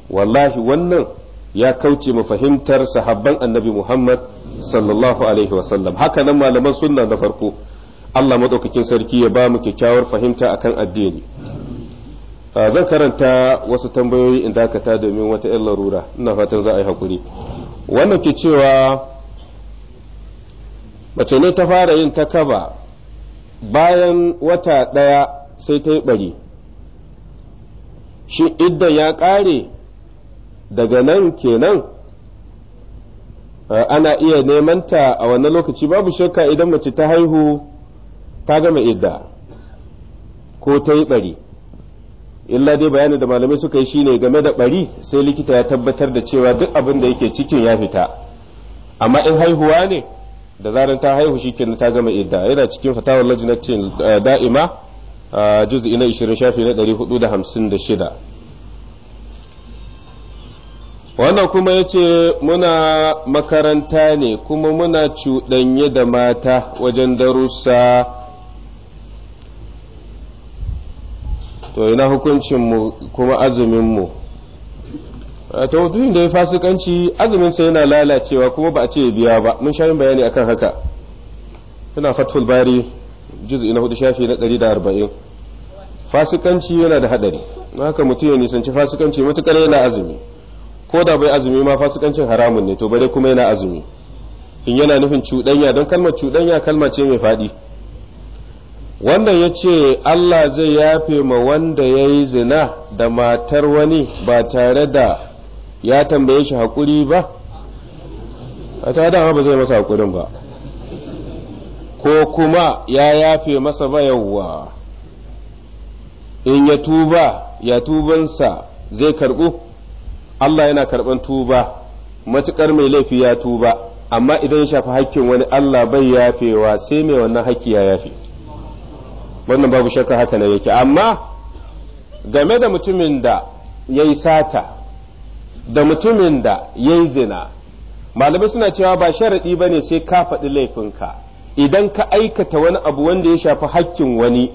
Speaker 1: wallahi wannan ya kauce mu fahimtar sahabban annabi Muhammad sallallahu alaihi wasallam haka nan malaman sunna na farko Allah madaukakin sarki ya ba mu kyakkyawar fahimta akan addini zan karanta wasu tambayoyi in dakata domin wata 'yan larura ina fatan za a yi hakuri wannan ke cewa mace ne ta fara yin takaba bayan wata ɗaya sai ta yi ɓari shi idan ya ƙare daga nan kenan eh, ana iya neman ta a wannan lokaci babu shakka idan mace ta haihu ta gama idda ko ta yi bari illa dai bayani da malamai suka yi shine game da bari sai likita ya tabbatar da cewa duk abin da yake cikin ya fita amma in haihuwa ne da zarar ta haihu shi kenan ta gama idda yana cikin fatawar lajinatin eh, da'ima eh, juz'i na 20 shafi na 456 wannan kuma ya ce muna makaranta ne kuma muna cuɗanye da mata wajen darussa to ina hukuncinmu kuma azuminmu ta mutumin da ya fasikanci azuminsa yana lalacewa kuma ba a ce biya ba mun sha yin bayani akan haka suna fathul bari juz'i na hudu shafi na da arba'in fasikanci yana da hadari haka mutum ya nisanci fasikanci matukar yana azumi ko da bai azumi ma fasikancin haramun ne to da kuma yana azumi in yana nufin cuɗanya don kalmar cuɗanya kalma ce mai faɗi wannan ya ce Allah zai yafe ma wanda ya yi zina da matar wani ba tare da ya tambaye shi haƙuri ba a ta da ba zai masa haƙurin ba ko kuma ya yafe masa ba yawwa in ya tuba ya tubansa zai karɓu Allah yana karɓan tuba matuƙar mai laifi ya tuba amma idan ya shafi hakkin wani Allah bai yafewa sai mai wannan hakki ya yafe wannan babu shakka haka ne yake amma game da mutumin da ya yi sata da mutumin da ya yi zina malamai suna cewa ba sharaɗi ba ne sai ka faɗi laifinka idan ka aikata wani abu wanda ya shafi hakkin wani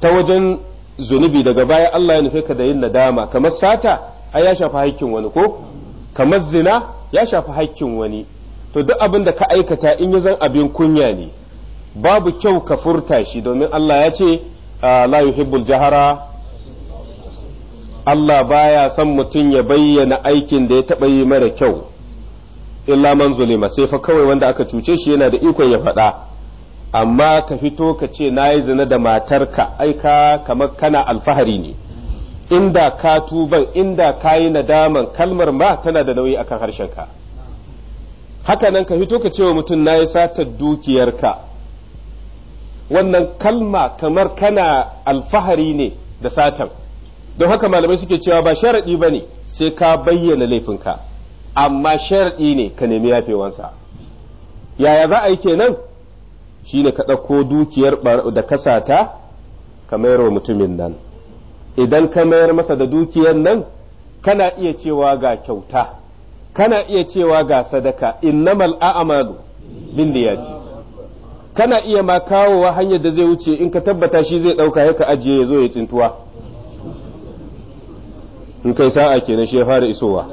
Speaker 1: ta wajen zunubi daga baya Allah ya nufi ka da yin nadama kamar sata ai ya shafi haƙƙin wani ko kamar zina ya shafi haƙƙin wani to duk abin da ka aikata in ya zan abin kunya ne babu kyau ka furta shi domin Allah ya ce ah, la yuhibbul jahara Allah baya son mutum ya bayyana aikin da ya taɓa yi mara kyau illa man zulima sai fa kawai wanda aka cuce shi yana da ikon ya faɗa amma ka fito ka ce na yi zina da matarka aika kamar kana alfahari ne inda ka tuban inda ka yi nadaman kalmar ma tana da nauyi akan harshenka haka nan ka fito ka cewa mutum na yi dukiyar ka wannan kalma kamar kana alfahari ne da satan don haka malamai suke cewa ba sharaɗi ba ne sai ka bayyana laifin ka amma sharaɗi ne ka nemi yafewansa yaya za a yi kenan shine ka ɗauko dukiyar da kasata ka mayar wa mutumin nan idan ka mayar masa da dukiyar nan kana iya cewa ga kyauta kana iya cewa ga sadaka innamal a'malu ce kana iya ma kawowa hanyar da zai wuce in ka tabbata shi zai dauka ya ka ajiye ya zo ya tsintuwa in kai sa'a kenan shi ya fara isowa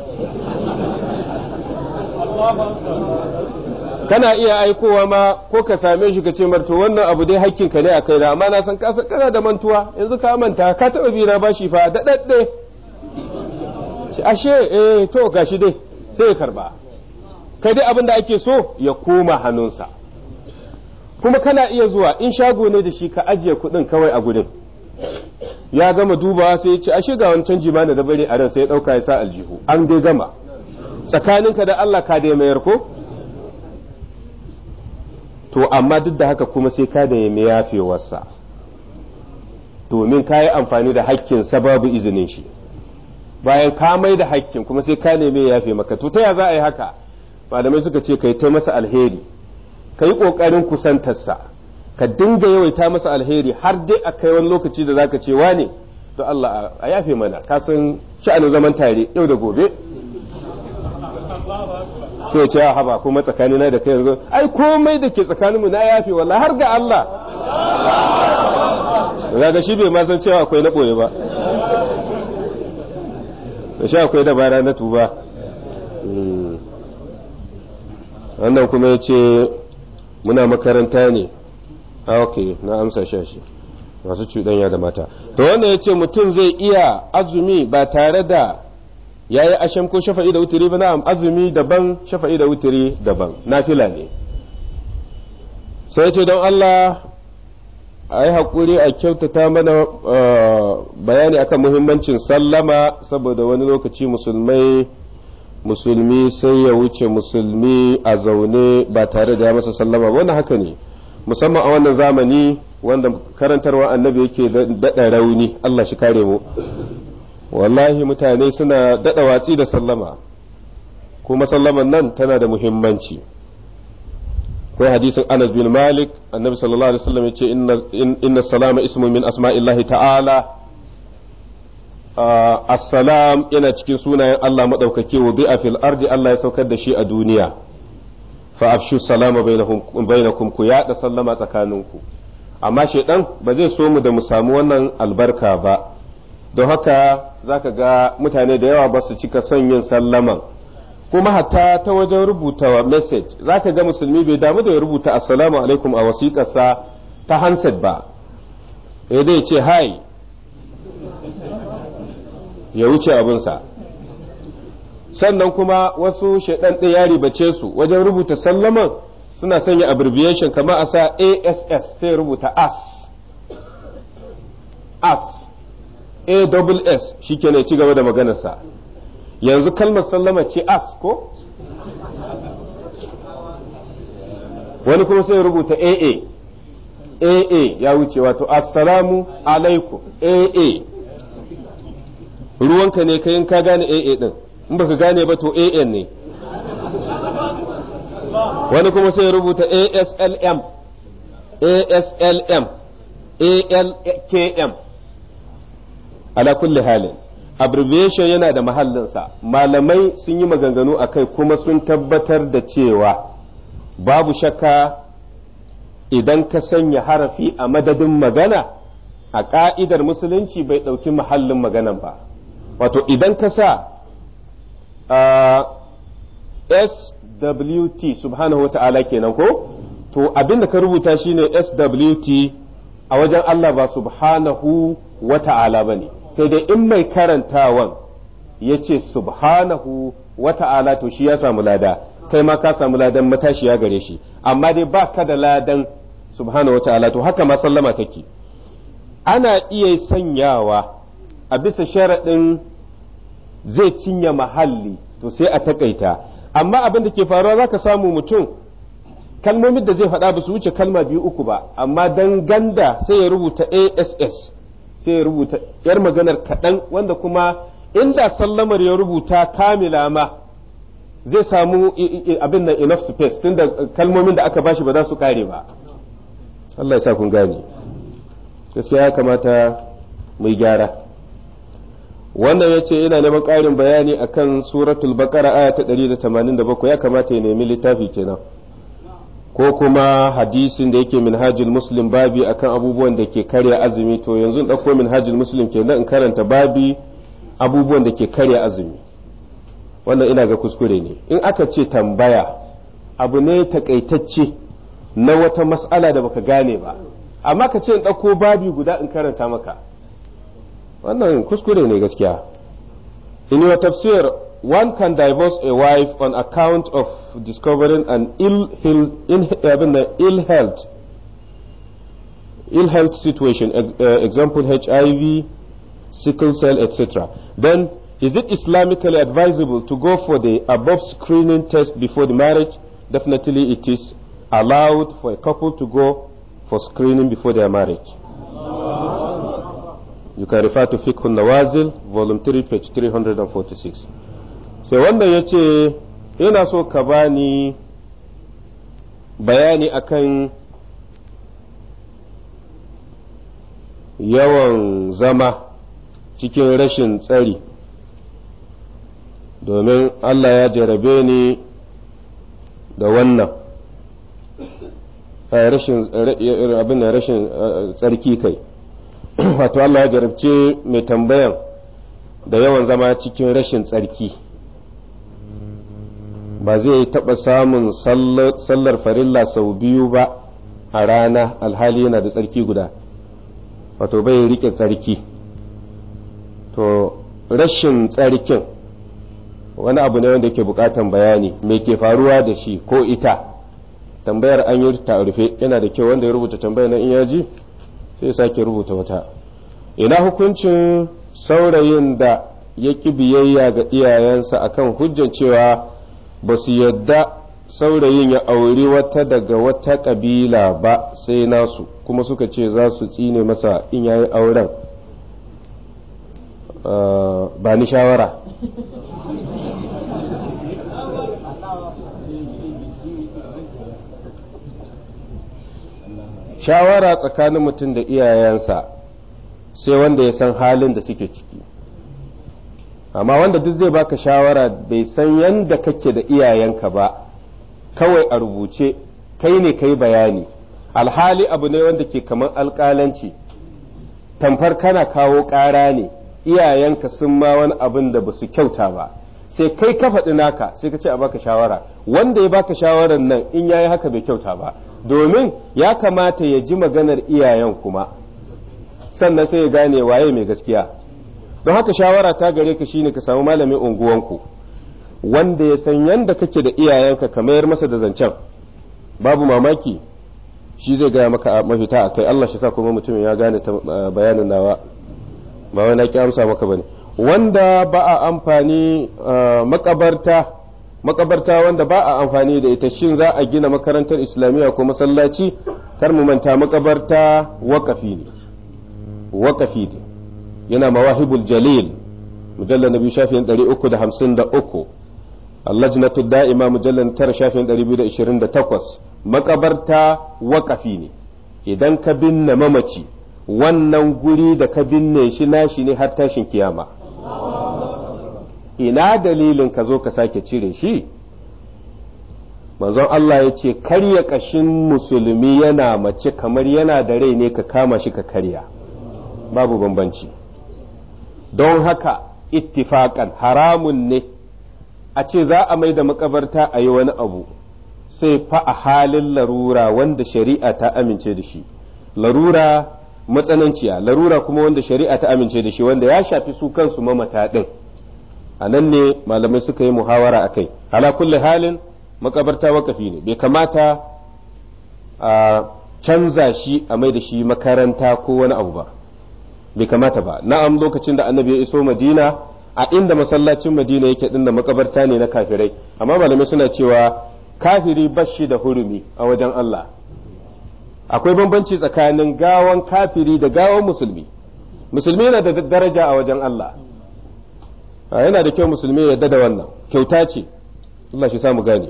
Speaker 1: kana iya aikowa ma ko ka same shi ka ce marto wannan abu dai ka ne a kai da amma na san kasar kana da mantuwa yanzu ka manta ka taɓa bi na bashi fa daɗaɗe. dadde ashe eh to gashi dai sai ya karba kai dai abin da ake so ya koma hannunsa kuma kana iya zuwa in shago ne da shi ka ajiye kuɗin kawai a gurin ya gama dubawa sai ya ce ashe ga wani canji ma da bari a ran sai ya ɗauka ya sa aljihu an dai gama tsakaninka da Allah ka dai mayar ko to amma duk da haka kuma sai ka da ya wasa domin ka yi amfani da sa babu izinin shi bayan ka mai da hakkin kuma sai ka neme ya yafe maka to ta ya za a yi haka malamai suka ce ka yi ta masa alheri ka yi ƙoƙarin kusantarsa ka dinga yawaita masa alheri har dai a kai wani lokaci da za ka ce wane to Allah a yafe mana ka san sha'anin zaman tare yau da gobe sai ya ce a ah, haba kuma tsakanina da kai yanzu ai komai da ke tsakaninmu na yafe wallahi har ga Allah daga shi bai ma san cewa akwai na ɓoye ba da shi akwai dabara na tuba hmm. wannan kuma ya ce muna makaranta ne a ah, ok na amsa shashi masu cuɗanya da mata to wannan ya ce mutum zai iya azumi ba tare da yayi asham ko shafa'i da wutiri ba na'am azumi daban shafa'i da wutiri daban na fila ne sai ce don Allah a yi haƙuri a kyautata mana bayani akan muhimmancin sallama saboda wani lokaci musulmai musulmi sai ya wuce musulmi a zaune ba tare da ya masa sallama ba wani haka ne musamman a wannan zamani wanda karantarwa annabi yake daɗa rauni Allah shi kare mu wallahi mutane suna daɗa watsi da sallama kuma sallaman nan tana da muhimmanci kai hadisin Anas bin Malik annabi sallallahu alaihi wasallam yace inna inna salama ismu min asma'illahi ta'ala assalam yana cikin sunayen Allah madaukake bi fil ardi Allah ya saukar da shi a duniya fa afshu salama bainakum ku yaɗa sallama tsakaninku amma shedan ba zai so mu da mu samu wannan albarka ba don haka za ka ga mutane da yawa ba su cika son yin sallaman kuma hatta ta wajen rubuta message za ka ga musulmi bai damu da ya rubuta assalamu alaikum a wasiƙarsa ta handset ba ya dai ce hai ya wuce abinsa sannan kuma wasu shaɗan ɗaya ribace su wajen rubuta sallaman suna sanya abbreviation kamar a sa ass sai rubuta as as AWS shi ke ci gaba da maganarsa yanzu kalmar sallama ce as ko wani kuma sai rubuta aa aa ya wuce wato assalamu alaikum aa ruwanka ne yin ka gane aa din in baka gane ba to an ne wani kuma sai rubuta aslm aslm alkm ala kulli halin abbreviation yana da mahallinsa malamai sun yi maganganu a kai kuma sun tabbatar da cewa babu shakka idan ka sanya harafi a madadin magana a ka'idar musulunci bai ɗauki mahallin magana ba wato idan ka sa SWT subhanahu wa ta'ala kenan ko to abin da ka rubuta shine SWT a wajen Allah ba subhanahu wa ta'ala ba ne sai dai in mai karantawan ya ce subhanahu wa ta'ala to shi ya samu lada kai ma ka samu ladan matashi ya gare shi amma dai ba ka da ladan subhanahu wa ta'ala to haka ma sallama take ana iya sanyawa a bisa sharaɗin zai cinye mahalli to sai a takaita amma abin da ke faruwa za ka samu mutum kalmomin da zai faɗa ba su wuce kalma biyu uku ba amma dan ganda sai ya rubuta ass sai ya rubuta ‘yar maganar kaɗan wanda kuma inda sallamar ya rubuta kamila ma zai samu abin nan enough space tunda kalmomin da aka bashi ba za su kare ba Allah ya sa kun gane gaskiya ya kamata mu gyara wannan ya ce yana neman ƙarin bayani akan suratul baqara aya ta 187 ya kamata ya nemi littafi kenan ko kuma hadisin da yake minhajul muslim babi akan abubuwan da ke karya azumi to yanzu in ɗauko minhajul muslim ke nan in karanta babi abubuwan da ke karya azumi wannan ina ga kuskure ne in aka ce tambaya abu ne takaitacce na wata mas'ala da baka gane ba amma ka ce in ɗauko babi guda in karanta maka wannan kuskure ne gaskiya in wa tafsir one can divorce a wife on account of discovering an ill, Ill, Ill health ill health situation, uh, example HIV, sickle cell, etc., then is it Islamically advisable to go for the above screening test before the marriage? Definitely it is allowed for a couple to go for screening before their marriage. You can refer to Fiqh Nawazil, volume 3, page 346. sai wannan ya ce yana so ka ba ni bayani akan yawan zama cikin rashin tsari domin Allah ya jarabe ni da wannan eh, eh, abin da rashin eh, tsarki kai wato Allah ya jarabce mai tambayan da yawan zama cikin rashin tsarki ba zai taɓa samun sallar farilla sau biyu ba a rana alhali yana da tsarki guda wato bai riƙe tsarki to rashin tsarkin wani abu ne wanda ke buƙatan bayani me ke faruwa da shi ko ita tambayar an yi ta rufe yana da kyau wanda ya rubuta tambayar na in yaji sai ya sake rubuta wata ina hukuncin saurayin da ya ƙi biyayya ga iyayensa akan hujjan cewa ba su yadda saurayin ya auri wata daga wata ƙabila ba sai nasu kuma suka ce za su tsine masa in yayi auren ah, ba ni shawara shawara tsakanin mutum da iyayensa sai wanda ya san halin da suke ciki amma wanda duk zai baka shawara bai san yanda kake da iyayenka ba kawai a rubuce kai ne kai bayani alhali abu ne wanda ke kamar alkalanci tamfar kana kawo ƙara ne iyayenka sun ma wani abin da ba su kyauta ba sai kai ka faɗi naka sai ka ce a baka shawara wanda ya baka shawarar nan in ya yi haka bai kyauta ba domin ya kamata ya ji maganar iyayen kuma sannan sai ya gane waye mai gaskiya don haka shawara ta gare ka shine ka samu malamin unguwanku wanda ya san yanda kake da iyayenka ka mayar masa da zancen babu mamaki shi zai gaya maka mafita a kai Allah shi sa kuma mutumin ya gane ta bayanin nawa ba wai na ki amsa maka bane wanda ba a amfani makabarta makabarta wanda ba a amfani da ita shin za a gina makarantar islamiyya ko masallaci kar mu manta makabarta wakafi ne wakafi ne yana mawahibul jalil mujallar na biyu shafin 353 allajnatu da'ima mujallar tara shafin 228 makabarta waƙafi ne idan ka binne mamaci wannan guri da ka binne shi nashi ne har tashin kiyama ina dalilin ka zo ka sake cire shi manzon Allah ya ce karya kashin musulmi yana mace kamar yana da rai ne ka kama shi ka karya babu bambanci don haka ittifaƙan haramun ne a ce za a mai da makabarta a yi wani abu sai fa a halin larura wanda shari'a ta amince da shi larura matsananciya larura kuma wanda shari'a ta amince da shi wanda ya shafi su kansu mamata ɗin a nan ne malamai suka yi muhawara a kai hala kulle halin makabarta wakafi ne bai kamata a canza shi a mai da shi makaranta ko wani abu ba bai kamata ba na'am lokacin da annabi ya iso madina a inda masallacin madina yake din makabarta ne na kafirai amma malamai suna cewa kafiri bashi da hurumi a wajen Allah akwai bambanci tsakanin gawan kafiri da gawan musulmi musulmi yana da daraja a wajen Allah yana da kyau musulmi ya da wannan kyauta ce Allah shi samu gane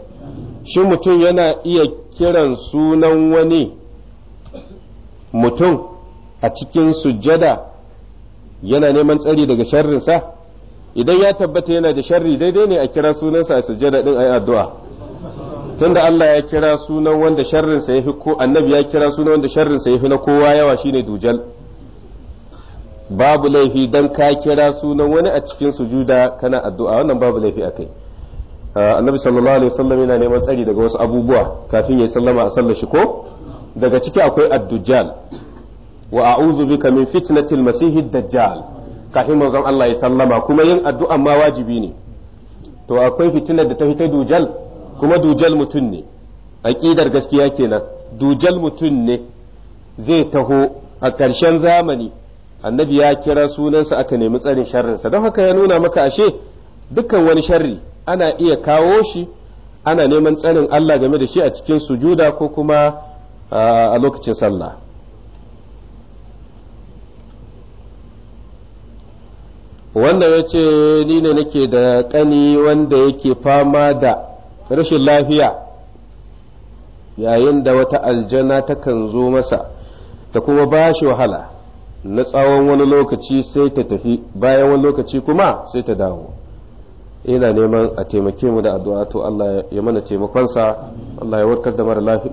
Speaker 1: shi mutum yana iya kiran sunan wani mutum a cikin sujjada yana neman tsari daga sharrinsa idan ya tabbata yana da sharri daidai ne a kira sunansa a sujjada din ayi addu'a tunda Allah ya kira sunan wanda sharrinsa yafi ko annabi ya kira sunan wanda sharrinsa yafi na kowa yawa shine dujal babu laifi dan ka kira sunan wani a cikin sujuda kana addu'a wannan babu laifi akai annabi sallallahu alaihi wasallam yana neman tsari daga wasu abubuwa kafin ya sallama a sallar shi ko daga ciki akwai addujal wa a'udhu bika min fitnatil masihid dajjal kafin manzon Allah ya sallama kuma yin addu'a ma wajibi ne to akwai fitinar da ta fita dujal kuma dujal mutum ne aqidar gaskiya kenan dujal mutum ne zai taho a ƙarshen zamani annabi ya kira sunansa aka nemi tsarin sa don haka ya nuna maka ashe dukkan wani sharri ana iya kawo shi ana neman tsarin Allah game da shi a cikin sujuda ko kuma ah, a lokacin sallah wanda ya ce ni ne nake da ƙani wanda yake fama da rashin lafiya yayin da wata aljana takan zo masa ta kuma ba shi wahala na tsawon wani lokaci sai ta tafi bayan wani lokaci kuma sai ta dawo ina neman a taimake mu da addu'a to Allah ya mana taimakonsa Allah ya warkar da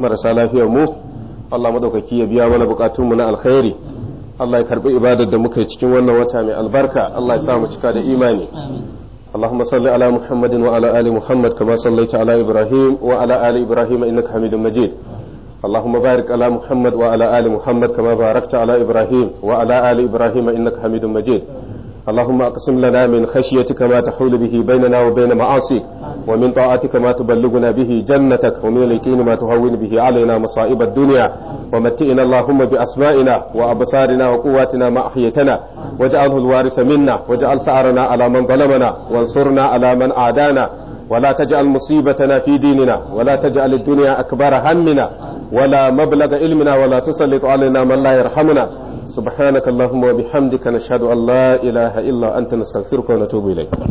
Speaker 1: marasa lafiyar mu Allah madaukaki ya biya mana bukatunmu na alkhairi Allah ya karbi ibadar da muka yi cikin wannan wata mai albarka Allah ya sa mu cika da imani اللهم صل على محمد وعلى آل محمد كما صليت على إبراهيم وعلى آل إبراهيم إنك حميد مجيد اللهم بارك على محمد وعلى آل محمد كما باركت على إبراهيم وعلى آل إبراهيم إنك حميد مجيد اللهم اقسم لنا من خشيتك ما تحول به بيننا وبين معاصيك ومن طاعتك ما تبلغنا به جنتك ومن اليقين ما تهون به علينا مصائب الدنيا ومتئنا اللهم بأسمائنا وأبصارنا وقواتنا ما أحيتنا واجعله الوارث منا واجعل سعرنا على من ظلمنا وانصرنا على من أعدانا ولا تجعل مصيبتنا في ديننا ولا تجعل الدنيا أكبر همنا ولا مبلغ علمنا ولا تسلط علينا من لا يرحمنا subhanakallahumma wa bihamdika nashhadu an la ilaha illa anta nastaghfiruka wa natubu